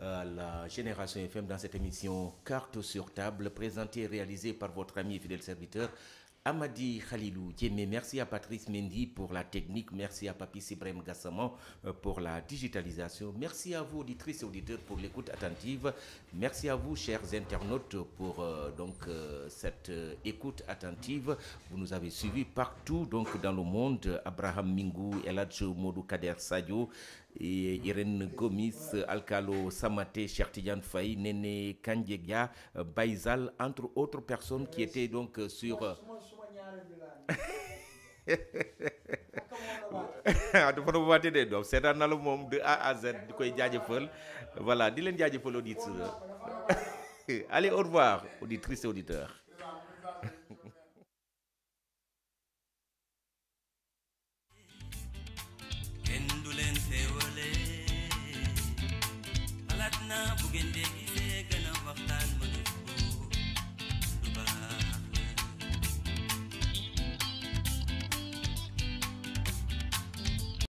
à euh, la Génération FM dans cette émission Carte sur table, présentée et réalisée par votre ami et fidèle serviteur Amadi Khalilou merci à Patrice Mendy pour la technique, merci à Papi Sibrem Gassaman euh, pour la digitalisation, merci à vous auditrices et auditeurs pour l'écoute attentive, merci à vous chers internautes pour euh, donc cette écoute attentive. Vous nous avez suivis partout donc dans le monde, Abraham Mingou, Eladjo Modou Kader Sadio, et gomis Alcalo, Samate, Chertidian faye néné kandjegia Baizal, entre autres personnes qui étaient donc sur euh, ah, de A à Z voilà allez au revoir auditrice et auditeurs